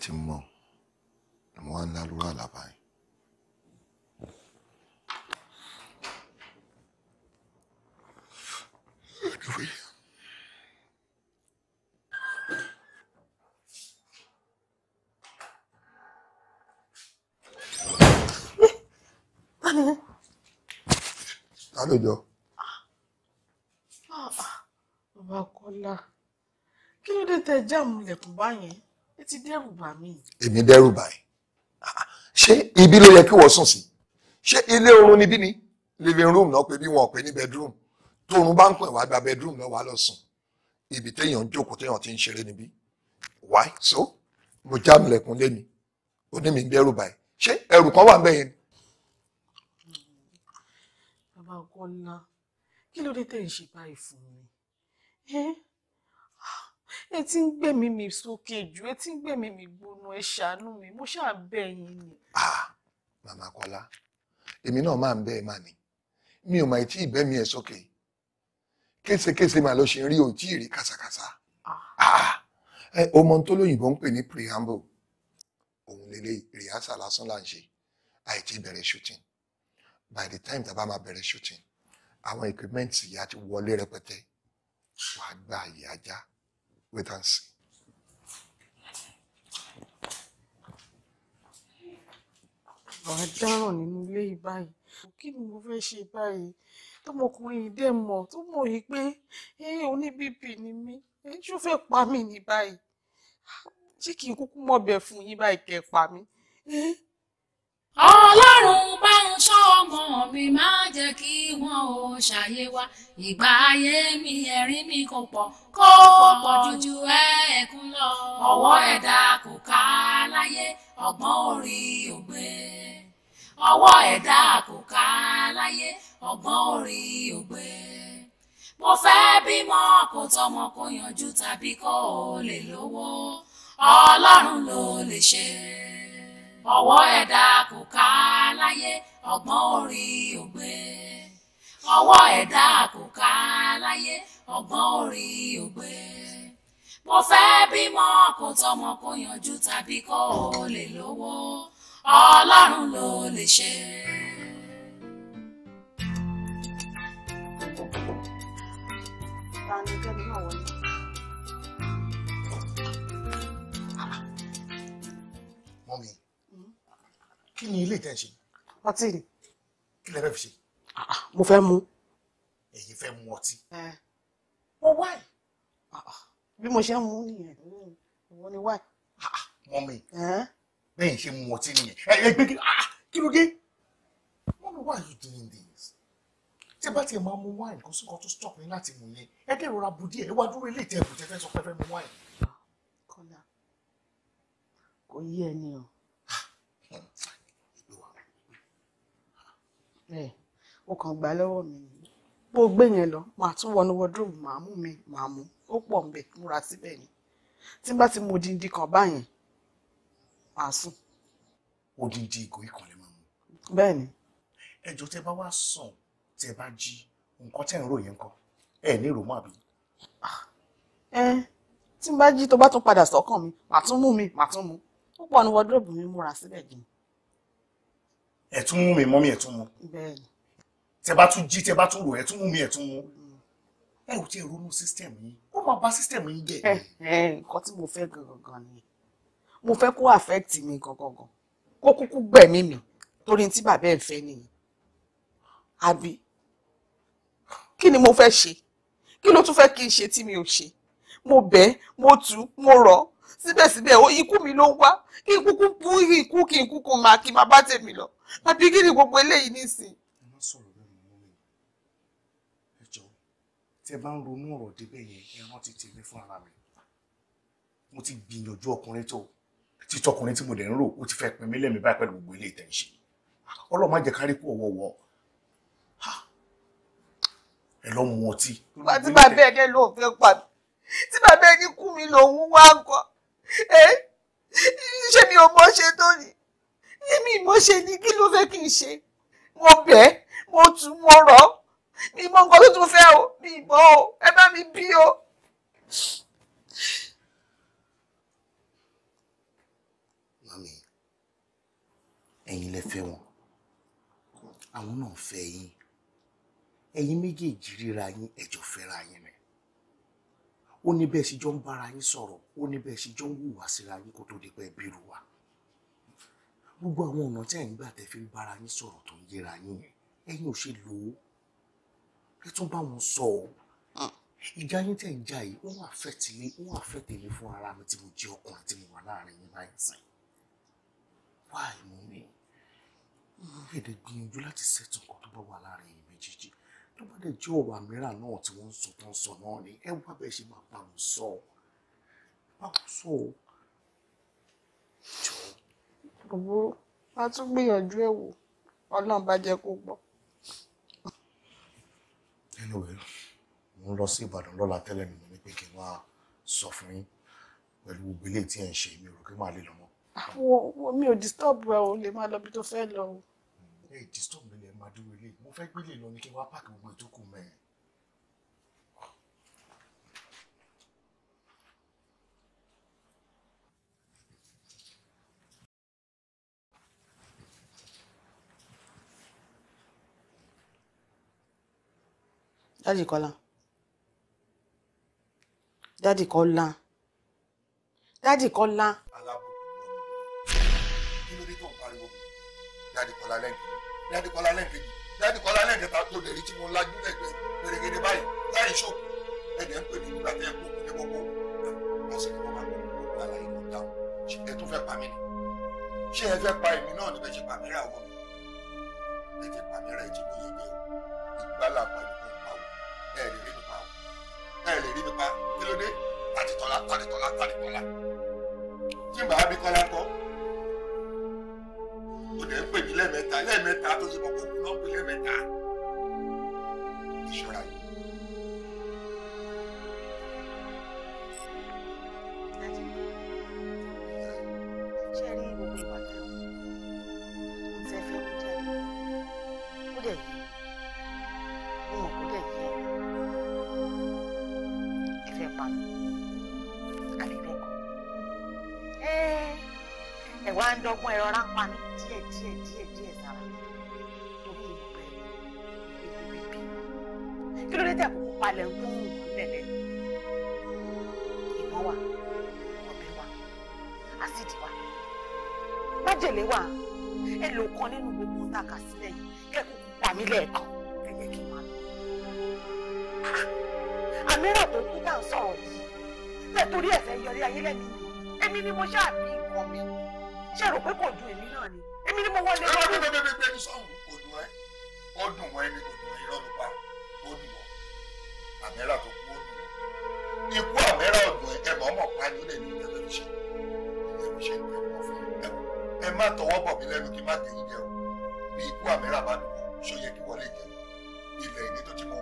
ti mọ̀ ni mo wá ń lálùrú àlàbà yìí. Àlejò. Bàbá Kọ́lá, kí ló dé tẹ jáàmù lẹ̀kùn báyìí? ti dẹ́rù bà mí. èmi dẹ́rù bà yín ah, ṣé ibi ló yẹ kí wọ́n sùn sí ṣé ilé oorun níbí ni living room náà pé bí wọn ò pè ní bedroom tóorun bá ń pè wá gba bedroom náà wá lọ sùn ibi téèyàn ń jókòó téèyàn ti ń ṣeré níbí why so mo já mìlẹ̀kùn lé mi ó ní mi ń dẹ́rù bà yín ṣé ẹrù kan wà ń bẹ́yẹn. bàbá ọkọ ńlá kí ló dé tẹ̀ ń ṣe báyìí fún mi ẹ ti ń gbẹ̀mí mi sókè jù ẹ ti ń gbẹ̀mí mi gbóná ẹ ṣàánú mi mo ṣáà bẹ̀ yín ni. màmá kọlá èmi náà máa ń bẹ ẹ máa ní mi ò máa tí ì bẹ́mi ẹ sókè késekése màá lọ ṣe rí òtí ìrí kàṣàkàṣà ọmọ tó lóyìnbó ń pè ní preamble òun lélẹ̀ rìhásà lásán là ń ṣe àìtí bẹ̀rẹ̀ shooting by the time tá a bá máa bẹ̀rẹ̀ shooting àwọn equipment yìí á ti wọlé rẹpẹtẹ wàá gba àyè ajá wait and see. ọ̀rọ̀ dáràn nínú ilé yìí báyìí kí ni mo fẹ́ ṣe báyìí tọmọkùnrin yìí dẹ̀ mọ̀ tó mọ̀ yìí pé oní bp ni mí ṣó fẹ́ pa mí ní báyìí ṣé ah, kí n kúkú mọ̀ bẹ̀ fún yín báyìí kẹ́ pa mí. Eh? ọlọ́run bá ń ṣọ́ ọmọ mi máa jẹ́ kí wọ́n ò ṣàyè wá ìgbà ayé mi ẹ̀rín mi kò pọ̀ kó pọ̀ ju ẹ̀ẹ̀kún lọ ọwọ́ ẹ̀dá kò ká láyé ọgbọ́n orí ògbé ọwọ́ ẹ̀dá kò ká láyé ọgbọ́n orí ògbé mo fẹ́ bímọ kó tọ́mọ kó yanjú tàbí kó lè lówó ọlọ́run ló lè ṣe é ọwọ́ ẹ̀dá kò ká láyé ọgbọ́n orí ògbé ọwọ́ ẹ̀dá kò ká láyé ọgbọ́n orí ògbé mo fẹ́ bímọ kó tọ́mọ kó yanjú tàbí kó lè lówó ọlọ́run ló lè ṣe. ta kí ni ilé ìtẹ̀sí. ọtí ni. kí lẹ fẹ́ fi ṣe. Ah, ah, mo fẹ́ mu. èyí fẹ́ mu ọtí. mo wáì. Ah, bí mo ṣe ń mu nìyẹn ìwọ ni wáì. mọ mi bẹ́ẹ̀ ṣe mu ọtí nìyẹn ẹ gbé kí ló dé. wọ́n mi why you doing this. tí ẹ bá tiẹ̀ máa mu wáìnì kan sókàn tó stop ní láti mu yẹn ẹ dẹ̀ rọra bu díẹ̀ iwájú rẹ̀ lè tẹ̀ ẹ̀bùn tẹ́fẹ́ sọ pé fẹ́ mu wáìnì. kọ́lá kò yí ẹni o. ẹ o kàn gbà lọ́wọ́ mi nìyí bó o gbé yẹn lọ màá tún wọnú wọdúròmù màá mú mi màá mú ó pọ̀ ń bẹ̀ múra síbẹ̀ ni tí bá ti mú odindi kan báyẹn màá sùn. odindi ìgò ikàn lè máa mú. bẹ́ẹ̀ ni. ẹjọ tẹ bá wá sùn tẹ bá jí nǹkan tẹ ń rò yẹn kan ẹ ní ìròmọ àbí. Ah, ẹ tí n bá jí tó bá tún padà sọ́kàn mi màá tún mú mi màá tún mú ó pọ̀ ní wọdúròmù mi múra síbẹ̀ jù ẹ tún mú mi mọ́mí ẹ tún mú tẹ bá tún jí tẹ bá tún rò ẹ mú mi ẹ tún mú ẹ ò tí ì ronú system yìí ó máa bà system yìí jẹ́. nǹkan tí mo fẹ́ gangan ni mo fẹ́ kó affect mi gangan kó kúkú gbẹ̀mí mi torí tí bàbá ẹ̀ fẹ́ nìyí àbí kí ni mo fẹ́ ṣe kí ló tún fẹ́ kí n ṣe tí mi ò ṣe mo bẹ̀ mo tu mo rọ̀ síbẹ̀síbẹ̀ ikú mi ló ń wá kí n kúkú bú ikú kí n kúkú máa kí n máa bá tèmi lọ àbí kí ni gbogbo eléyìí nísìn. ẹ má sọ̀rọ̀ bẹ́ẹ̀ mọ́ mi ẹ jọ tí ẹ bá ń ronú ọ̀rọ̀ débẹ̀ yẹn ẹ rántí tèmi fún ara mi mo ti gbìyànjú ọkùnrin tó ti tọkùnrin tí mo dẹ̀ ń rò ó ti fẹ́ pin mí lẹ́mìí báyìí pẹ̀lú gbogbo ilé ìtẹ̀ ń ṣe ọlọ́run má jẹ́ ká rí kú ọ̀wọ̀wọ̀ ẹ lọ mu ọtí. wá tí bàbá ẹ̀ dẹ́ ló fẹ́ pa mí tí bàbá ẹ̀ ní kú mi lòun wá ń kọ́ ẹ ṣé mi ò mọ̀ ṣe tó ni èmi ìmọ̀ṣe ni kí ló fẹ́ kí n ṣe mo bẹ́ẹ̀ mo tún mo rọ̀ mi mọ nǹkan tó tún fẹ́ o mi ìmọ̀ o ẹ bá mi bí o. mami ẹ̀yin lẹ fẹ́ wọn àwọn náà fẹ́ yín ẹ̀yin méjèèjì ríra yín ẹ̀jọ̀ fẹ́ra yín rẹ̀ ó ní bẹ́ẹ̀ sì jọ ń bára yín sọ̀rọ̀ ó ní bẹ́ẹ̀ sì jọ ń hùwà síra yín kó tó di pé bírú wa gbogbo àwọn ọ̀nà tí ẹ̀yin gbà tẹ́ fi ń bára yín sọ̀rọ̀ tó ń yẹra yín yẹn ẹ̀yin ò ṣe lò ó ẹ tún bá wọn sọ ọ́ hmm. ìjà yín tẹ̀ ń jà yìí wọ́n wà fẹ́ tìlé wọ́n wà fẹ́ tèmi fún ara mi tí mo jẹ́ ọkùnrin tí mo wà láàrin yín láì sìn wáì mú mi èdè gbìyànjú láti ṣètò nǹkan tó bá wà láàrin yín méjèèjì tó bá dẹ̀ jẹ́ ọ̀wà mìíràn náà tí wọ́n ń sọ tó ń sọ náà ni ẹ wá bẹ́ẹ̀ ṣe máa bá wọn sọ ọ́ bá wọn sọ ọ́ jọ̀ọ́ kò burú wá tún gbìyànjú ẹ̀ wò ọlọ́run bá jẹ́ kó gbọ́. anyway mo ń lọ sí ìbàdàn lọ́la tẹ́lẹ̀ ni mo ní pé kí n wá sọ fún yín pẹ̀lú gbogbo ilé tí ẹ̀ ń ṣe mi ò rò pé màá lè lọ mọ́. àwọn mi ò disturb ẹ o lè máa lọ bí tó fẹ́ lọ o. ẹ disturb mi lè máa dúró ilé mo fẹ́ gbélé lọ ní kí n wá pààkì gbogbo ìtókù mẹ́rin. Daddy Kọ́lá. Daddy her. Daddy Kọ́lá. Kí ló dé tó ń pariwo? Daddy Kọ́lá lẹ́ǹkejì. Daddy Kọ́lá lẹ́ǹkejì. Daddy Kọ́lá lẹ́ǹkẹta tó lè rí tí mo lajú lẹ́gbẹ̀ẹ́ gbèrègèdè báyìí láì ṣòkò. Ẹ̀jẹ̀ ń pè ní nígbà tẹ́ ẹ kó kó ní gbogbo. Wọ́n sì ní wọ́n máa ń gbogbo gbogbo aláìní ọ̀dà. Ṣé ẹ tún fẹ́ pa mí ni? Ṣé ẹ fẹ́ pa èmi náà níbẹ̀ ṣe pàmìrà ọmọ mi? Ẹ ti pàmìrà ẹ ti mú yẹn ní o. Ìgbàlà pàdé ẹ̀ lè pa o ẹ̀ pa kí ló dé tàdí tọ́lá tàdí tọ́lá tàdí tọ́lá tí màá bí kọ́lá kọ́ ó dẹ̀ ń pè mí lẹ́ẹ̀mẹ́ta lẹ́ẹ̀mẹ́ta tó ṣe mọ́ pé kò náà ìṣọ́ra yìí. rọra Panik, mí díẹ̀ díẹ̀ díẹ̀ díẹ̀ sára torí ìgbà ìbíbíbí kí ló dé tẹ̀ kó palẹ̀ ń kún ìkúnlẹ̀lẹ̀ ìbọn wa ọ̀bẹ wa ásìdì wa májèlé wa ẹ lò kan nínú gbogbo tá a kà sílẹ̀ yìí kẹ́kọ̀ọ́ pa mí lẹ́ẹ̀kan ẹ jẹ́ kí n máa lọ. àmì rà tó kú tá à ń sọ̀rọ̀ yìí lẹ́ẹ̀torí ẹ̀fẹ̀ yọrí ayé ni mo ṣé rò pé kò dùn èmi náà ni èmi ni mo wọlé. ẹ wọ́n bẹ́ẹ̀ bẹ́ẹ̀ bẹ́ẹ̀ sọ̀rọ̀ kò dùn ẹ́ ó dùn wọ́n ẹni kò dùn ẹ́ irọ́ ló pa ó dùn wọ́n àmẹ́rà tó kú ó dùn wọ́n ikú àmẹ́rà ọ̀dùn ẹ mọ̀ọ́mọ̀ pa ni ó lè ní ìjẹ́fẹ́ mi ṣe ẹ̀rù ṣe ń pè wọ́n fún ẹ má tọwọ́ bọ̀ mí lẹ́nu kí má tẹ̀yìn jẹ o bí ikú àmẹ́rà bá dùn ṣó yẹ kí wọ́n lè jẹ ilẹ̀ ìní tó ti mọ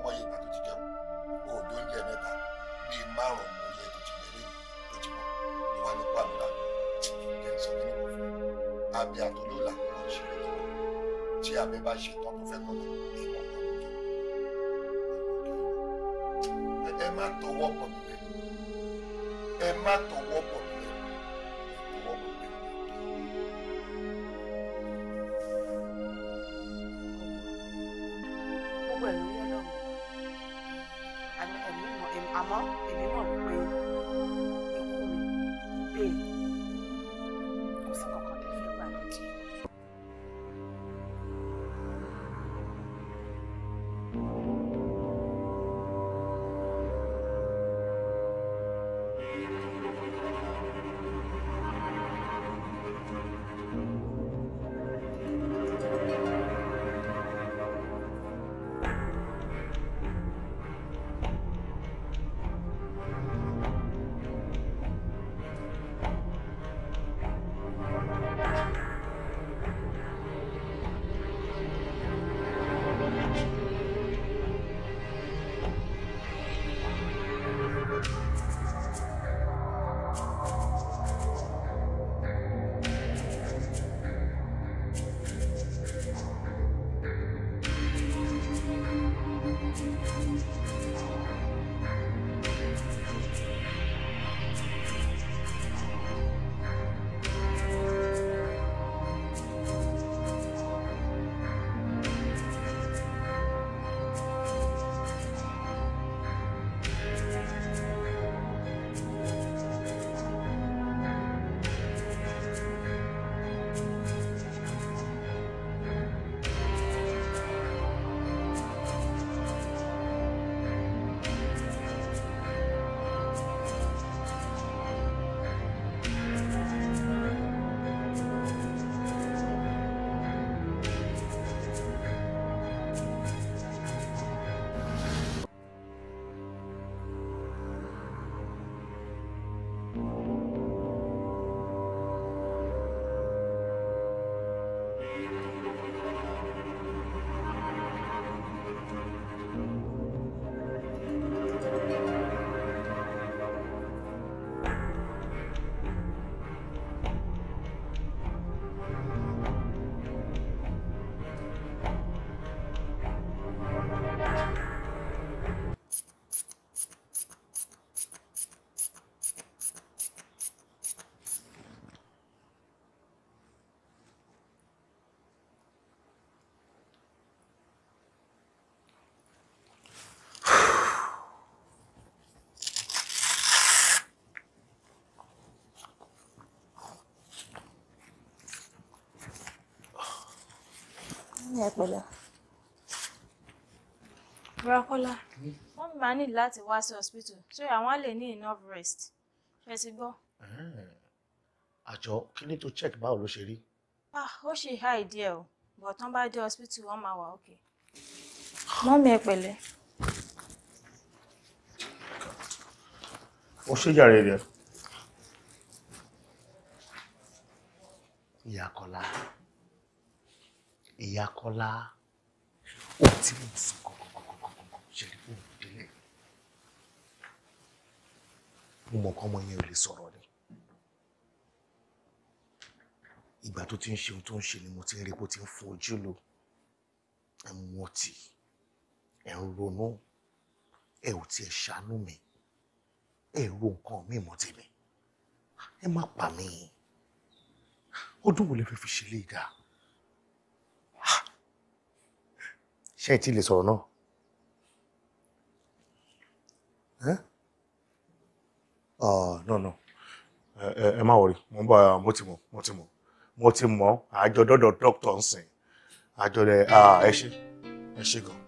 abẹ àtọlọ́là kò ń ṣeré lọ́wọ́ tí abẹ bá ṣe tán tó fẹ́ kọ́ ní ìmọ̀ kan ẹ má ní ẹ pẹ̀lẹ́. Burakola, wọ́n máa ní láti wá sí hospital so àwọn á lè ní enough rest. Ṣé ti gbọ́? Àjọ kí ni tó check báwo ló ṣe rí? Ah, ó ṣe high díẹ̀ o, bọ̀ tán bá dé hospital wọ́n máa wà okay. Mọ́mí ẹ pẹ̀lẹ́. Ó ṣe jàre rẹ̀. Ìyá Kọ́lá ìyá Kọ́lá ó tí mò ń sọ kọ̀kọ̀kọ̀kọ̀kọ̀ ṣe lè fún ìdílé mo mọ̀ kọ́ ọmọ yẹn ò lè sọ̀rọ̀ ni ìgbà tó ti ń ṣe ohun tó ń ṣe ni mo ti ń rí bó ti ń fún ojú lò ẹ̀ ń wọ́tì ẹ̀ ń ronú ẹ ò tiẹ̀ ṣàánú mi ẹ ro nǹkan mi mọ́ tèmi ẹ má pa mí ọdún wo lè fẹ́ fi ṣe lè dáa. ṣé ẹ ti lè sọ̀rọ̀ ah, no no ẹ má wọrí mo ń bá mo ti mọ̀ mo ti mọ̀ mo ti mọ̀ àjọ dọ́dọ̀ dókítà ń sìn àjọ rẹ̀ ah, ẹ ṣe ẹ ṣe gan.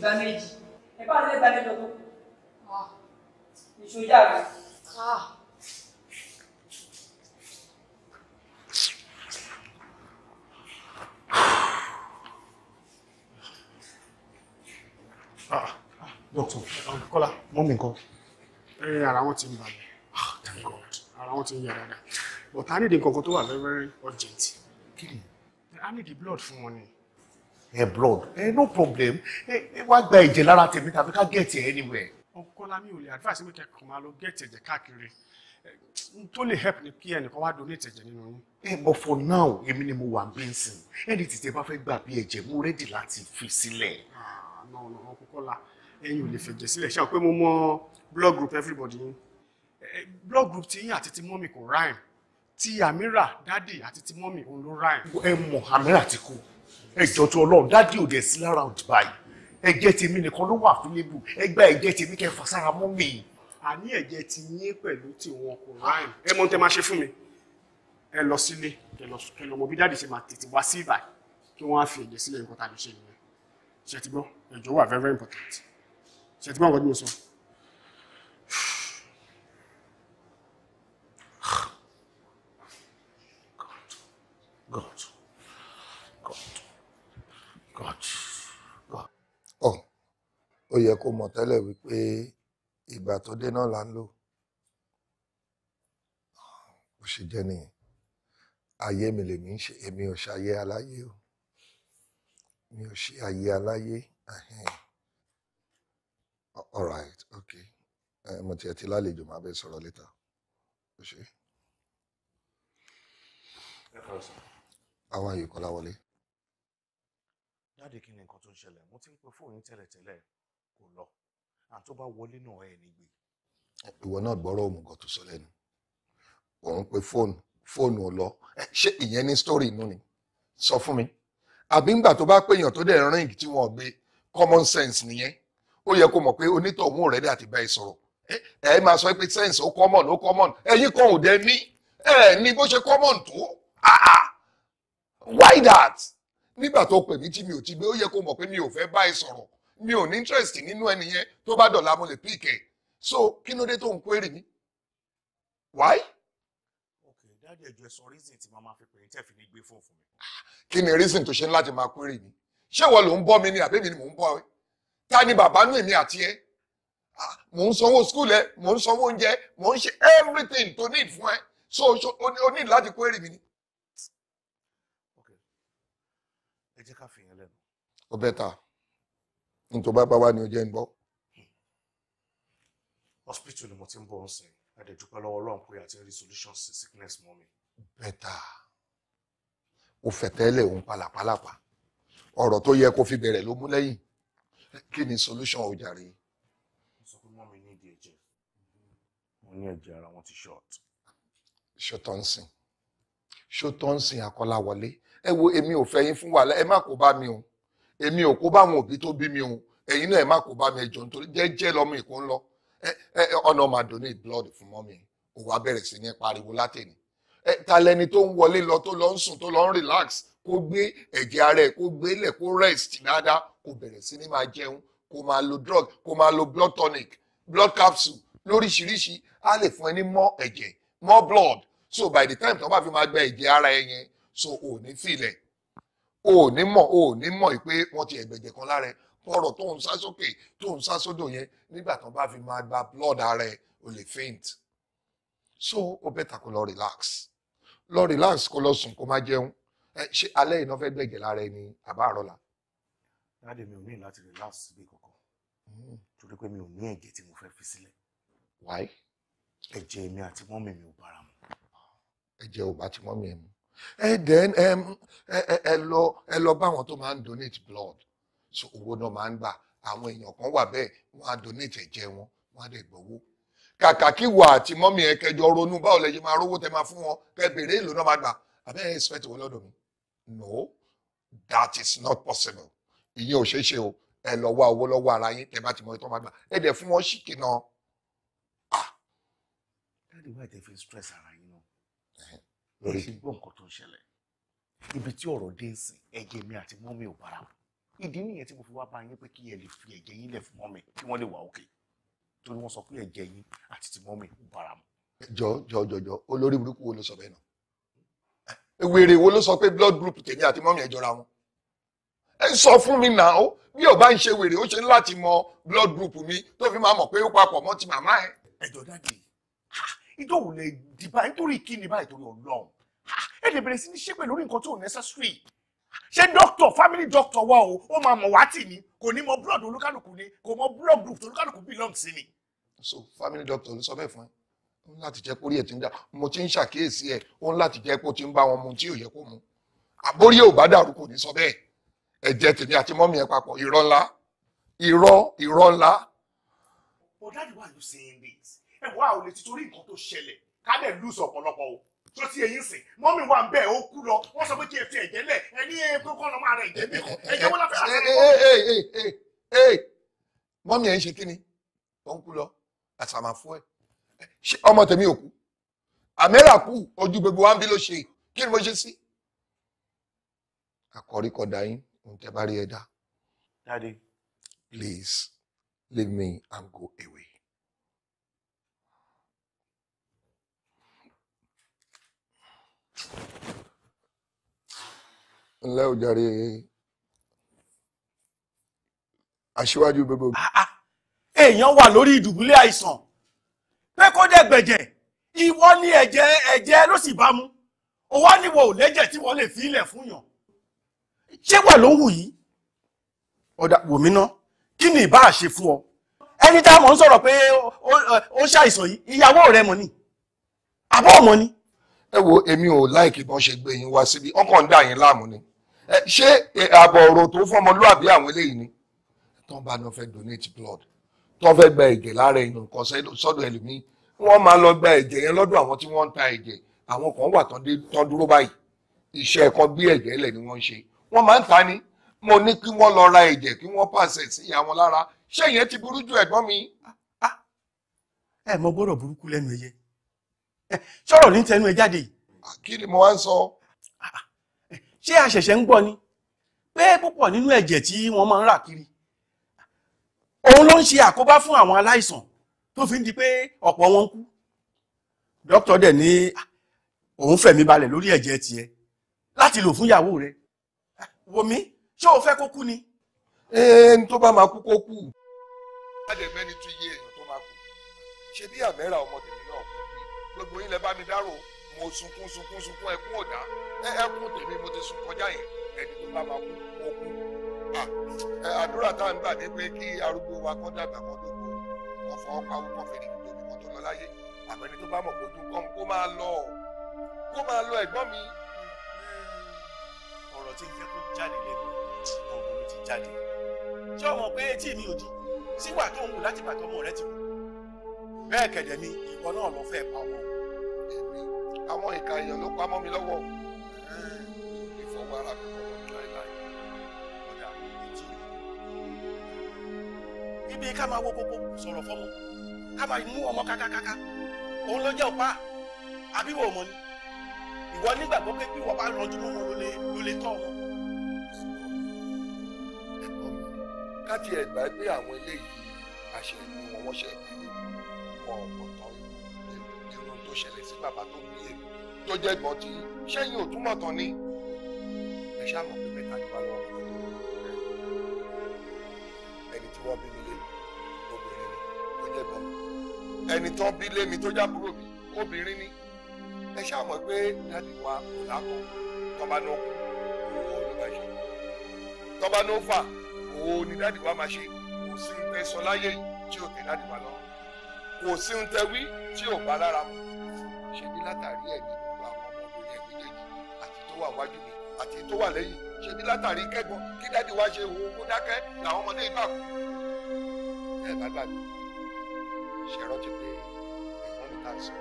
Damage. méjì ẹ bá lè gba mẹ́jọ tó kù ìṣòyà rẹ. Doctor, Kọ́lá, mọ́mí nǹkan. Ẹ ara wọn ti ń balẹ̀. Ah, thank God. Ara wọn ti ń yà dáadáa. But I need nǹkan kan tó wà very urgent. Kí ni? I need the blood fún wọn ni ẹ blood ẹ no problem ẹ wá gba ẹ̀jẹ̀ lára tèmi tàbí ká gẹ̀ẹ́tì anywhere. ọkọlá mi ò lè advice mi kẹkọọ máa lọ gẹ̀ẹ́tì ẹ̀jẹ̀ káàkiri tó lè help ni kí ẹnìkan wá donate ẹ̀jẹ̀ nínú yín. ẹ but for now èmi ni mo wà ń bí ń sìn ẹni tètè bá fẹ́ gbà bí ẹ̀jẹ̀ mo ready láti fi sílẹ̀. Ah, no no ọkọkọlá ẹ̀yin ò lè fẹ̀jẹ̀ sílẹ̀ ṣáà pé mo mọ blood group everybody yín blood group ti yín àti ti mọ́mì kò rhyme ti Amira dádì àti ti mọ́mì òun ló rhyme. ẹ mọ̀ Amira ti kú ẹjọ tó Ọlọ́run dádì ò dẹ sí lára ọdún báyìí ẹ̀jẹ̀ tèmi nìkan ló wà fílébù ẹgbẹ ẹ̀jẹ̀ tèmi kẹ fàṣàrà mọ mi. àní ẹ̀jẹ̀ ti yín pẹ̀lú tiwọn kò ráìn. ẹ mọ ohun tẹ máa ṣe fún mi ẹ lọ sílé ẹ lọ mọ bí dáàdì ṣe máa tètè wá sí ìbàyí kí wọn á fi ẹ̀jẹ̀ sílẹ̀ nǹkan tàbí ṣe nìyẹn ṣètìgbọ ẹjọ wà very very important ṣètìgbọ àwọn ọdún mi sọ. yẹ kó mọ̀ tẹ́lẹ̀ wípé ìgbà tó dé náà là ń lò ó ṣe jẹ́ nìyẹn ayé mi lèmi ń ṣe èmi ò ṣe ayé aláyé o mi ò ṣe ayé aláyé all right okay mo tiẹ̀ ti lálejò máa bẹ sọ̀rọ̀ létà ó ṣe. àwọn àyè kọ́lá wọlé. jáde kí ni nǹkan tó ń ṣẹlẹ̀ mo ti ń pe fóònù tẹ́lẹ̀tẹ́lẹ̀ kò lọ àwọn tó bá wọlé náà ẹ̀ nígbè. ìwọ náà gbọ́rọ̀ òmùgọ̀ tó sọ lẹ́nu òun pé fóònù fóònù ò lọ ṣé ìyẹn ní sítórì inú ni sọ fún mi àbí ńgbà tó bá péyàn tó dẹ̀ ríǹgì tí wọ́n gbé common sense nìyẹn ó yẹ kó mọ̀ pé onítọ̀hún rẹ̀ dẹ̀ àti bá ẹ sọ̀rọ̀ ẹ máa sọ pé sense ó common ó common ẹ̀yin kan ò dẹ̀ ní ẹ̀ ní bó ṣe common tó why that nígbà tó pè mí tí mi ò ti gbé ó yẹ kó mọ̀ pé mi ò fẹ́ bá ẹ sọ̀rọ̀ mi ò ní interest nínú ẹni yẹn tó bá dọ̀la mo lè pick ẹ̀ so kí ló dé tó ń query mi why. ok dáàdi ẹjọ ẹ sọ reason tí màmá fi pè é tẹ̀ fi ní gbé fóònù fún mi. kí ni reason tó ṣe ń láti máa query mi ṣé ìwọ ló ń bọ́ mi ni àbẹ́mi ni mò ń bọ́ ẹ ta ni bàbá nù èmi àti ẹ ah, mò ń sanwó school ẹ mò ń sanwó oúnjẹ mò ń ṣe everything To need fún ẹ so o ní láti query mi ni. ok ẹ jẹ́ ká fi yẹn lẹ́nu. ó ta ní tó bá bá wà ní ọjọ́ ìbọ̀. hospital ni mo ti ń bọ̀ ń sìn adẹ̀dúpẹ́ lọ́wọ́ ọlọ́run pé àti rí solution sí sickness mọ́ mi. bẹ́tà o fẹ̀tẹ́lẹ̀ òun pàlàpàlàpà ọ̀rọ̀ tó yẹ kó fi bẹ̀rẹ̀ ló mú lẹ́yìn kí ni solution ò jàre. mo sọ pé mọ́mi ní ìdí ẹ̀jẹ̀ mo ní ẹ̀jẹ̀ ara wọn ti short. ṣótọ́nsìn ṣótọ́nsìn akọ́láwọlé ẹ wo èmi ò fẹ́ yín fún wàhálà ẹ má kó bá mi o èmi ò kó báwọn òbí tó bí mi o ẹ̀yin náà ẹ má kó bá mi ẹjọ́ nítorí jẹ́jẹ́ lọ́mọ ìkó ń lọ ọ̀nà máa donate blood fún mọ́mì òwò abẹ́rẹ́ sí ní pariwo látẹ̀ni ta lẹni tó ń wọlé lọ tó lọ ń sùn tó lọ ń relax kó gbé ẹ̀jẹ̀ ara ẹ̀ kó gbélẹ̀ kó rest dáadáa kó bẹ̀rẹ̀ sí ní máa jẹun kó máa lo drug kó máa lo blood tonic blood capsule lóríṣiríṣi á lè fún ẹ ní mọ́ ẹ̀jẹ̀ mọ́ blood so by the time tó bá fi máa gba ẹ̀jẹ̀ ara ẹ yẹn so ò ní fìlẹ̀ o ò ní mọ̀ o ò ní mọ̀ pé wọ́n ti ẹ̀gbẹ̀jẹ̀ kan lára ẹ̀ ọ̀rọ̀ tó ń sá sókè tó ń sá sódò yẹn nígbà tó bá fi máa gba blood ara ẹ̀ o lè faint so o bẹ́ẹ̀ ta kó lọ relax lọ relax kó lọ sùn kó má jẹun ṣe alẹ́ iná fẹ́ gbẹ̀jẹ̀ lára ẹni àbá àrọ́là. dáàdì mi ò ní láti relax síbi kankan hmm. torí pé mi ò ní ẹ̀jẹ̀ tí mo fẹ́ fi sílẹ̀. wáyé. ẹ̀jẹ̀ mi àti mọ́mì mi ò bára mu. ẹ̀jẹ̀ ò bá ti mọ́mì ẹ̀ Um, ẹ dẹ́n ẹ lọ ẹ lọ bá àwọn tó máa ń donate blood so owó náà máa ń gbà àwọn èèyàn kan wà bẹ́ẹ̀ wọ́n á donate ẹ̀jẹ̀ wọn wọ́n á dẹ̀ gbowó kàkà kí wà àti mọ́mí ẹ kẹjọ ronú báwo lẹ ṣe máa rówó tẹ máa fún wọn kẹ bèrè èlò náà máa gbà àbẹ́ ẹ expect wọn lọ́dọ̀ mi no that is not possible ìyẹn ò ṣeé ṣe o ẹ lọ wá owó lọ́wọ́ ara yín tẹ bá ti mọ ìtọ́ máa gbà ẹ dẹ̀ fún wọn ṣìkì náà. káàdì ah! lọ ṣe gbọ́ nǹkan tó ń ṣẹlẹ̀ ibi tí ọ̀rọ̀ dé ń sìn ẹ̀jẹ̀ mi àti mọ́mí ò bára wọn ìdí nìyẹn tí mo fi wá bá yín pé kí ẹ lè fi ẹ̀jẹ̀ yín lẹ̀ fún mọ́mí kí wọ́n lè wà òkè torí wọ́n sọ pé ẹ̀jẹ̀ yín àti ti mọ́mí ò bára wọn. jọ jọ jọ jọ olórí burúkú wo ló sọ bẹ́ẹ̀ náà wèrè wo ló sọ pé blood group tèmi àti mọ́mí ẹ̀ jọra wọn ẹ sọ fún mi náà ó bí ò bá ń ṣe wèrè ó ṣe ń láti mọ blood group mi tó fi máa mọ̀ pé ó papọ̀ mọ́ ti màmá ẹ̀. ẹ̀jọ̀ dáàdì ìjọ ò lè dìbà nítorí kí ni báyìí torí ọlọ́run ẹ lè bẹ̀rẹ̀ sí ní ṣépè lórí nǹkan tó necessary ṣé dókítọ̀ family doctor wa o ó máa mọ̀ wá tì ní kò ní mọ blood olúkálùkù ni kò mọ blood group olúkálùkù belong sí ni. so family doctor ló sọ bẹ́ẹ̀ fún ẹ ó ní láti jẹ́ kórè ẹ̀ ti ń dà mo ti ń ṣàkíyèsí ẹ ó ní láti jẹ́ kó ti ń bá wọn mu tí ò yẹ kó mu àbórí ò bá dàrú kò ní sọ bẹ́ẹ̀ ẹ̀jẹ̀ tèmi àti mọ́mí ẹ papọ̀ irọ́ ńlá irọ́ irọ́ ńlá. but daddy why you saying this? ẹ̀wọ́ àwọn olè ti torí nǹkan tó ṣẹlẹ̀ ká dẹ̀ lùsọ̀ ọ̀pọ̀lọpọ̀ o tó ti èyí sìn mọ́mí wa ń bẹ̀ ó kú lọ wọ́n sọ pé kí ẹ fi ẹ̀jẹ̀ lẹ̀ ẹ ní epo kọ́ lọ́mọ ara ẹ̀jẹ̀ mi ẹ̀jẹ̀ wọn láfẹ́ àṣẹ. mọ́mí ẹ̀ ń ṣe kíni tó ń kú lọ àṣàmà fún ẹ ṣé ọmọ tèmi ò kú àmẹ́rà kú ojú gbogbo wa ń bí ló ṣe kí ni mo ṣe sí. àkọ́rí kọ̀dà yín ń tẹ́ bá rí ẹ dá. Daddy. Please leave me and go away. ńlẹ́ ò jàre aṣíwájú gbogbo. Ah, ah. èèyàn wà lórí ìdùbúlẹ̀ àìsàn pé kó dẹ̀ gbẹ̀jẹ̀ ìwọ ní ẹ̀jẹ̀ ẹ̀jẹ̀ ló sì bá mu òwò níwọ̀ ò lẹ́jẹ̀ tí wọ́n lè fi ilẹ̀ fún yàn ṣé wà ló ń wù yìí ọ̀dà wòmí ná kí ni ìbá àṣe fún ọ ẹni tá a mọ̀ ń sọ̀rọ̀ pé ó ṣàìsàn yìí ìyàwó rẹ mọ̀ ni àbọ̀ mọ̀ ni ẹ wo èmi ò láìkí bọ́n ṣe gbé yín wá síbi ọkàn ń dà yín láàmú ni ṣé ààbọ̀ ọ̀rọ̀ tó fọmọlúàbí àwọn eléyìí ni tán bá lọ fẹ́ donate blood tán fẹ́ gba ẹ̀jẹ̀ lára èèyàn kan sọ́dọ̀ ẹlòmíín wọ́n máa lọ gba ẹ̀jẹ̀ yẹn lọ́dọ̀ àwọn tí wọ́n ń ta ẹ̀jẹ̀ àwọn kan wà tán dúró báyìí iṣẹ́ ẹ̀kọ́ gbé ẹ̀jẹ̀ lẹ̀ ni wọ́n ń ṣe wọ́n máa ń ta ni mo ní kí wọ́n lọ ra ẹ̀jẹ̀ kí wọ́n pàṣẹ sí àwọn lára ṣé ìyẹn ti burú ju ẹ̀gbọ́n mi. Ah, ah. ẹ mọ gbọ́dọ̀ burúkú lẹ́nu ẹyẹ sọ̀rọ̀ ní tẹnu ẹ jáde yìí. kí ni mo wá ń sọ. ṣé a ṣẹ̀ṣẹ̀ ń gbọ́ ni pé púpọ̀ nínú ẹ̀jẹ̀ tí wọ́n máa ń rà kiri òun ló ń ṣe àkóbá fún àwọn aláìsàn tó fi ń di pé ọ̀pọ̀ wọn kú dókítà dẹ̀ ní ah, òun fẹ̀mí balẹ̀ lórí ẹ̀jẹ̀ tiẹ̀ láti lò fún ìyàwó rẹ̀ wòmí ṣé o fẹ́ kó kú ni. ẹni tó bá máa kú kó kú. má dẹ̀ mẹ́ni tún yé èèyàn tó máa bí àmẹ́ra ọmọ tèmi gbogbo yín lẹ bá mi dárò mo sunkún sunkún sunkún ẹkún ọ̀dà ẹkún tèmi mo ti sun kọjá yẹn ẹni tó bá máa kú mo kú. àdúrà táwọn ń gbà ní pé kí arúgbó wa kọ́ dàgbà kọ́ dògbò kọ́ fọwọ́ pawó kọ́ fèrè tóbi kọ́ tó lọ láyé àbẹ́ni tó bá mọ̀ pé ojú kọ́ kó máa lọ kó máa lọ ẹ̀gbọ́n mi. ọ̀rọ̀ tí ìfẹ́ tó jáde lẹ́nu ọ̀gbọ̀n ló ti jáde ṣé ọmọ pé etí mi ò di síwà tó ń wù láti bàtọ́ ọmọ rẹ ti kú bẹ́ẹ̀ kẹ̀dẹ̀ ni ìwọ náà lọ fẹ́ pa ọmọ àwọn ìka èèyàn ló pamọ́ mi lọ́wọ́ ìfọwọ́ ara mi kọ́ lọ́dún láìláì. ibi ká máa wo kókó sọ̀rọ̀ fọ́mọ ká máa mú ọmọ kákákáká òun ló jẹ́ ọ̀pá àbí wò ọmọ ni ìwọ nígbàgbọ́ pé bí ìwọ bá ranjú mọ́ wọn ló lè tọ́ ọmọ. ká tiẹ̀ gbà pé àwọn eléyìí àṣẹ ìlú wọn wọ́n ṣe ìlú wọn ọ̀pọ̀ tó ṣẹlẹ̀ sí bàbá tó bí èmi tó jẹ́ gbọ́n tí ṣẹ́yìn ò tán ni ẹ ṣáà mọ̀ pé mẹ́ta ni wà lọ́wọ́ mi ẹni tí wọ́n bí mi lé obìnrin ni tó jẹ́ gbọ́n ẹni tó bí lé mi tó jábúrò mi obìnrin ni ẹ ṣáà mọ̀ pé dáàdì wa kò lákọ̀ tọ́ba ní okùn owó ló máa ṣe tọ́ba ní ó fà owó ni dáàdì wa máa ṣe kò sí ń sọ láyé tí ò tẹ̀ dáàdì wa lọ́wọ́ kò sí ń tẹ́ wí tí ò bá lára mu ṣebí látàrí ẹ̀mí gbogbo àwọn ọmọbìnrin ẹ̀mí méjèèjì àti tó wà wájú mi àti tó wà lẹ́yìn ṣebí látàrí kẹ́gbọ́n kí dádì wá ṣe wo kó dákẹ́ làwọn ọmọdé ibà kú. ẹ bá gbàgbé ṣe rántí pé ẹ̀gbọ́n mi ta sọ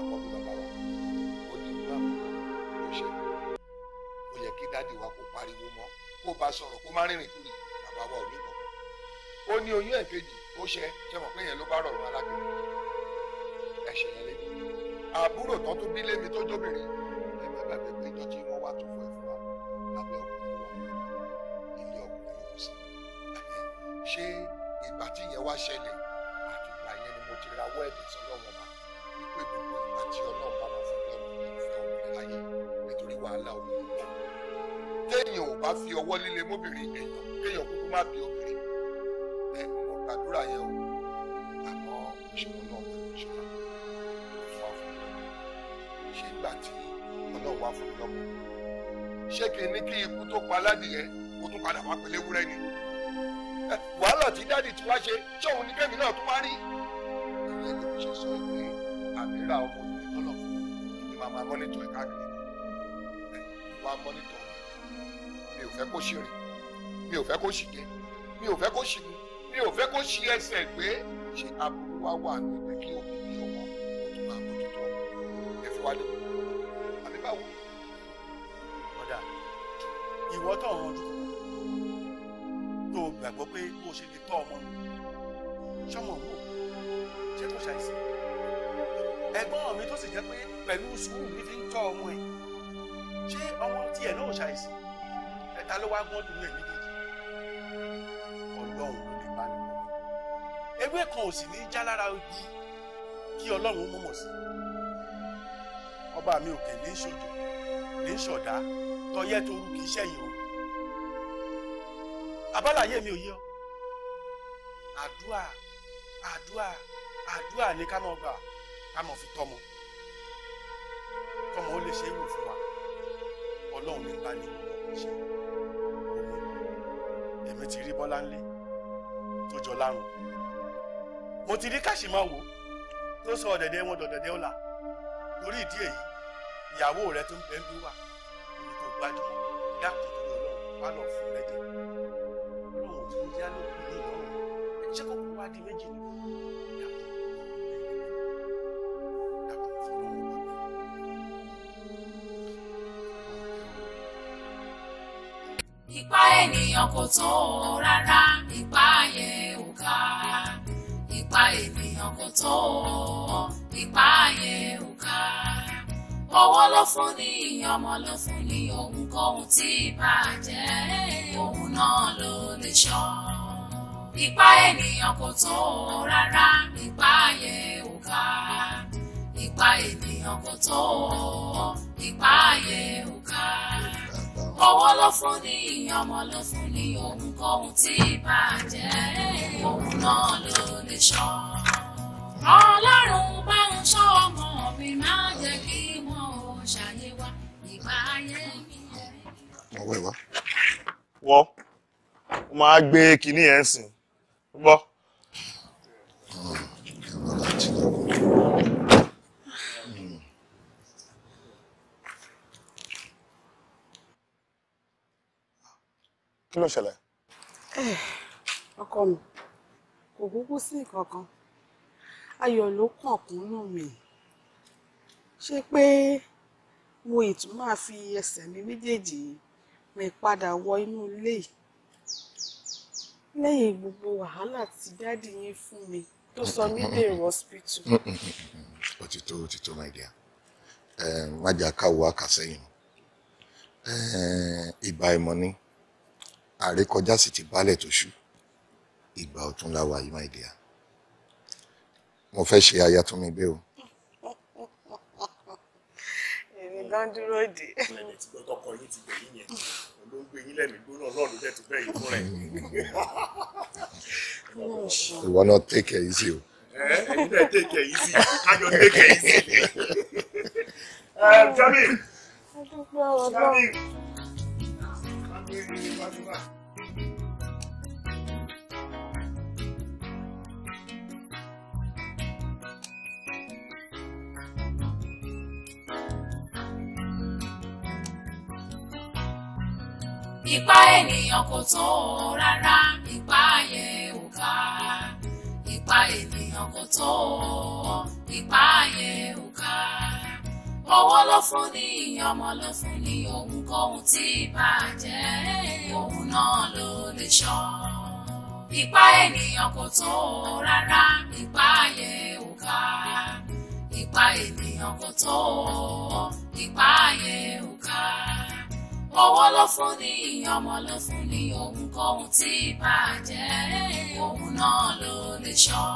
àkọ́bí bàbá wa ó ní ìlú àbúrò ló ṣe ó yẹ kí dádì wa kó pariwo mọ́ kó bá sọ̀rọ̀ kó má rìnrìn kúrì bàbá wa ò ní kọ̀ọ̀kan ó ní oyún ẹ̀kejì ó ṣe ṣe mọ̀ pé yẹn ló bá rọrùn alágbèrè ẹ̀ṣẹ̀ yẹn lébi àbúrò tán tó bí lémi tó jóbìnrin ẹ má bàbá pé jíjí wọn wá tó fún ẹ fún wa lábẹ́ ọkùnrin wa ilé ọkùnrin ló kù sí ṣé ìgbà tí ìyẹn wá ṣẹlẹ̀ àti ìgbà yẹn ni mo ti rawọ́ ẹ̀bẹ̀ sọ́lọ́wọ́ ma wípé gbogbo ìgbà tí ọlọ́run bá wọn fún lọ́rùn ìfẹ́ obìnrin láyé nítorí wàhálà obìnrin pọ̀ téèyàn ò bá fi ọwọ́ líle mọ́bìnrin èèyàn kéèyàn kúkú má bí obìnrin ẹ mo gbàdúrà yẹn o máa fún mi lọ́mọ ṣé kí n ní kí ikú tó pa aládìyẹ kó tún padà wá pẹ̀lú ewúrẹ́ ni wàhálà tí dáàdì tí wá ṣe ṣé òun ní kẹ́mi náà tún wá rí ìyẹn ni mo ṣe sọ pé àmìrà ọmọbìnrin tọ́lọ̀ fún mi máa máa mọ́nítọ̀ ẹ̀ káàkiri wá mọ́nítọ̀ mi ò fẹ́ kó ṣe rìn mi ò fẹ́ kó ṣì jẹ mi ò fẹ́ kó ṣì mu mi ò fẹ́ kó ṣì ẹsẹ̀ gbé ṣe aburú wá wà ní ìgbẹ́ kí òbí ọmọ òtún máa ẹ̀fọ́ wálé ìwọ tó ọ̀rọ̀ ojú kọ̀ọ̀kan tó gbàgbọ́ pé bó ṣe lè tọ́ ọmọ nù ṣọmọ wò ṣé tó ṣàìsàn ẹ̀gbọ́n mi tó sì jẹ́ pé pẹ̀lú sùúrù mi fi ń tọ́ ọmọ ẹ̀ ṣé ọmọ tiẹ̀ náà ṣàìsàn ẹ̀ta ló wá gbọ́n dùn ní ẹ̀mí kejì ọlọ́run ló lè bá mi wọ́n ewé kan ò sì ní já lára ojú kí ọlọ́run mọ̀mọ̀ sí ọba mi òkè ní ṣòjò ní ṣọ̀dá tọyẹ́ torú kì í ṣẹ̀yìn o abálàyé mi ò yé ọ àdúà àdúà àdúà ni ká máa gbà ká máa fi tọmọ kọmọ ó lè ṣe é wò fún wa ọlọ́run nípa ni mo ṣe omi èmi ti rí bọ́lá ńlẹ̀ tó jọ lárùn mo ti rí kàṣímáwò tó sọ ọ̀dẹ̀dẹ̀ wọn dọ̀dẹ̀dẹ̀ ọ̀la lórí ìdí èyí ìyàwó rẹ tó ń bẹ́ẹ̀ ń bí wà èmi tó gbájúmọ́ dákùn tó lọ́wọ́ wà lọ fún lẹ́jẹ̀ẹ́ jacob wá di méjì ni dàkún fọlọ́wọ́ bá mi. ìpá ènìyàn kò tó rárá ìpá yẹn ò ká ìpá ènìyàn kò tó ìpá yẹn ò ká ọwọ́ ló fún ni ọmọ ló fún ni ohunkóhun tí bàjẹ́ òun náà ló lè ṣọ́ ipá ènìyàn kò tó rárá ipá ayé ò ká ipá ènìyàn kò tó ipá ayé ò ká owó ló fún ni ọmọ ló fún ni ohunkóhun tí bàjẹ́ òun náà ló lè sọ ọlọ́run bá ń sọ ọmọ mi máa jẹ́ kí wọ́n ò ṣàyè ayé mi. wọ́n máa gbé kinní ẹ̀ sìn gbọ́. kí ló ṣẹlẹ̀. Eh, ọkọ mi kò kúkú sí kankan ayọ̀ ló kàn kúnnú mi ṣé pé mo ìtún máa fi ẹsẹ̀ mi méjèèjì mi padà wọ inú ilé yìí lẹ́yìn gbogbo wàhálà tí dádì yín fún mi tó sọ mí dèrò hospital. ó ti tó ó ti tó my dear eh, má jà káwọ àkàsẹ́yìn eh, ìgbà ìmọ̀ ni àrékọjá sì ti bálẹ̀ tó ṣú ìgbà ọ̀tún láwa yìí my dear mo fẹ́ ṣe aya tó mi bẹ́ẹ̀ o. èmi gan dúró dè ló ń gbé yín lẹ́mí gbóná ọlọ́run dẹ̀ ti bẹ́ẹ̀ yìí fún rẹ̀. ìwọ náà take it easy o. ẹ̀yin náà take it easy kájọ take it easy. Jamil Jamil. ipá ènìyàn kò tó rárá ipá yẹn ò ká ipá ènìyàn kò tó ipá yẹn ò ká owó ló fún ni ọmọ ló fún ni ohunkóhun tí bàjẹ́ òun náà ló lè sọ ipá ènìyàn kò tó rárá ipá yẹn ò ká ipá ènìyàn kò tó ipá yẹn ò ká owó ló fún ni ọmọ ló fún ni ohunkóhun tí bàjẹ́ òun náà ló lè ṣọ́.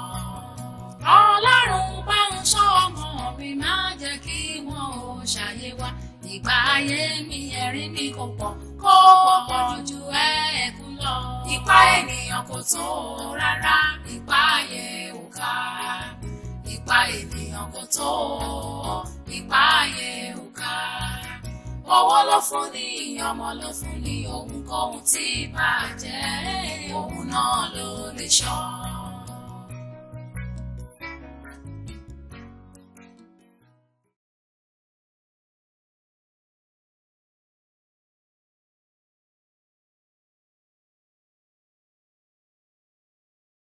ọlọ́run bá ń ṣọ́ ọmọ mi má jẹ́ kí wọ́n ò ṣàyè wá ìgbà ayé mi ẹ̀rín mi kò pọ̀ kó pọ̀ ju ẹ̀ẹ́kún lọ. ipá ènìyàn kò tó rárá ipá ayé ò ká ipá ènìyàn kò tó ipá ayé ò ká owó ló fún ni ọmọ ló fún ni òun kóhun tí bàjẹ́ òun náà ló lè ṣọ́.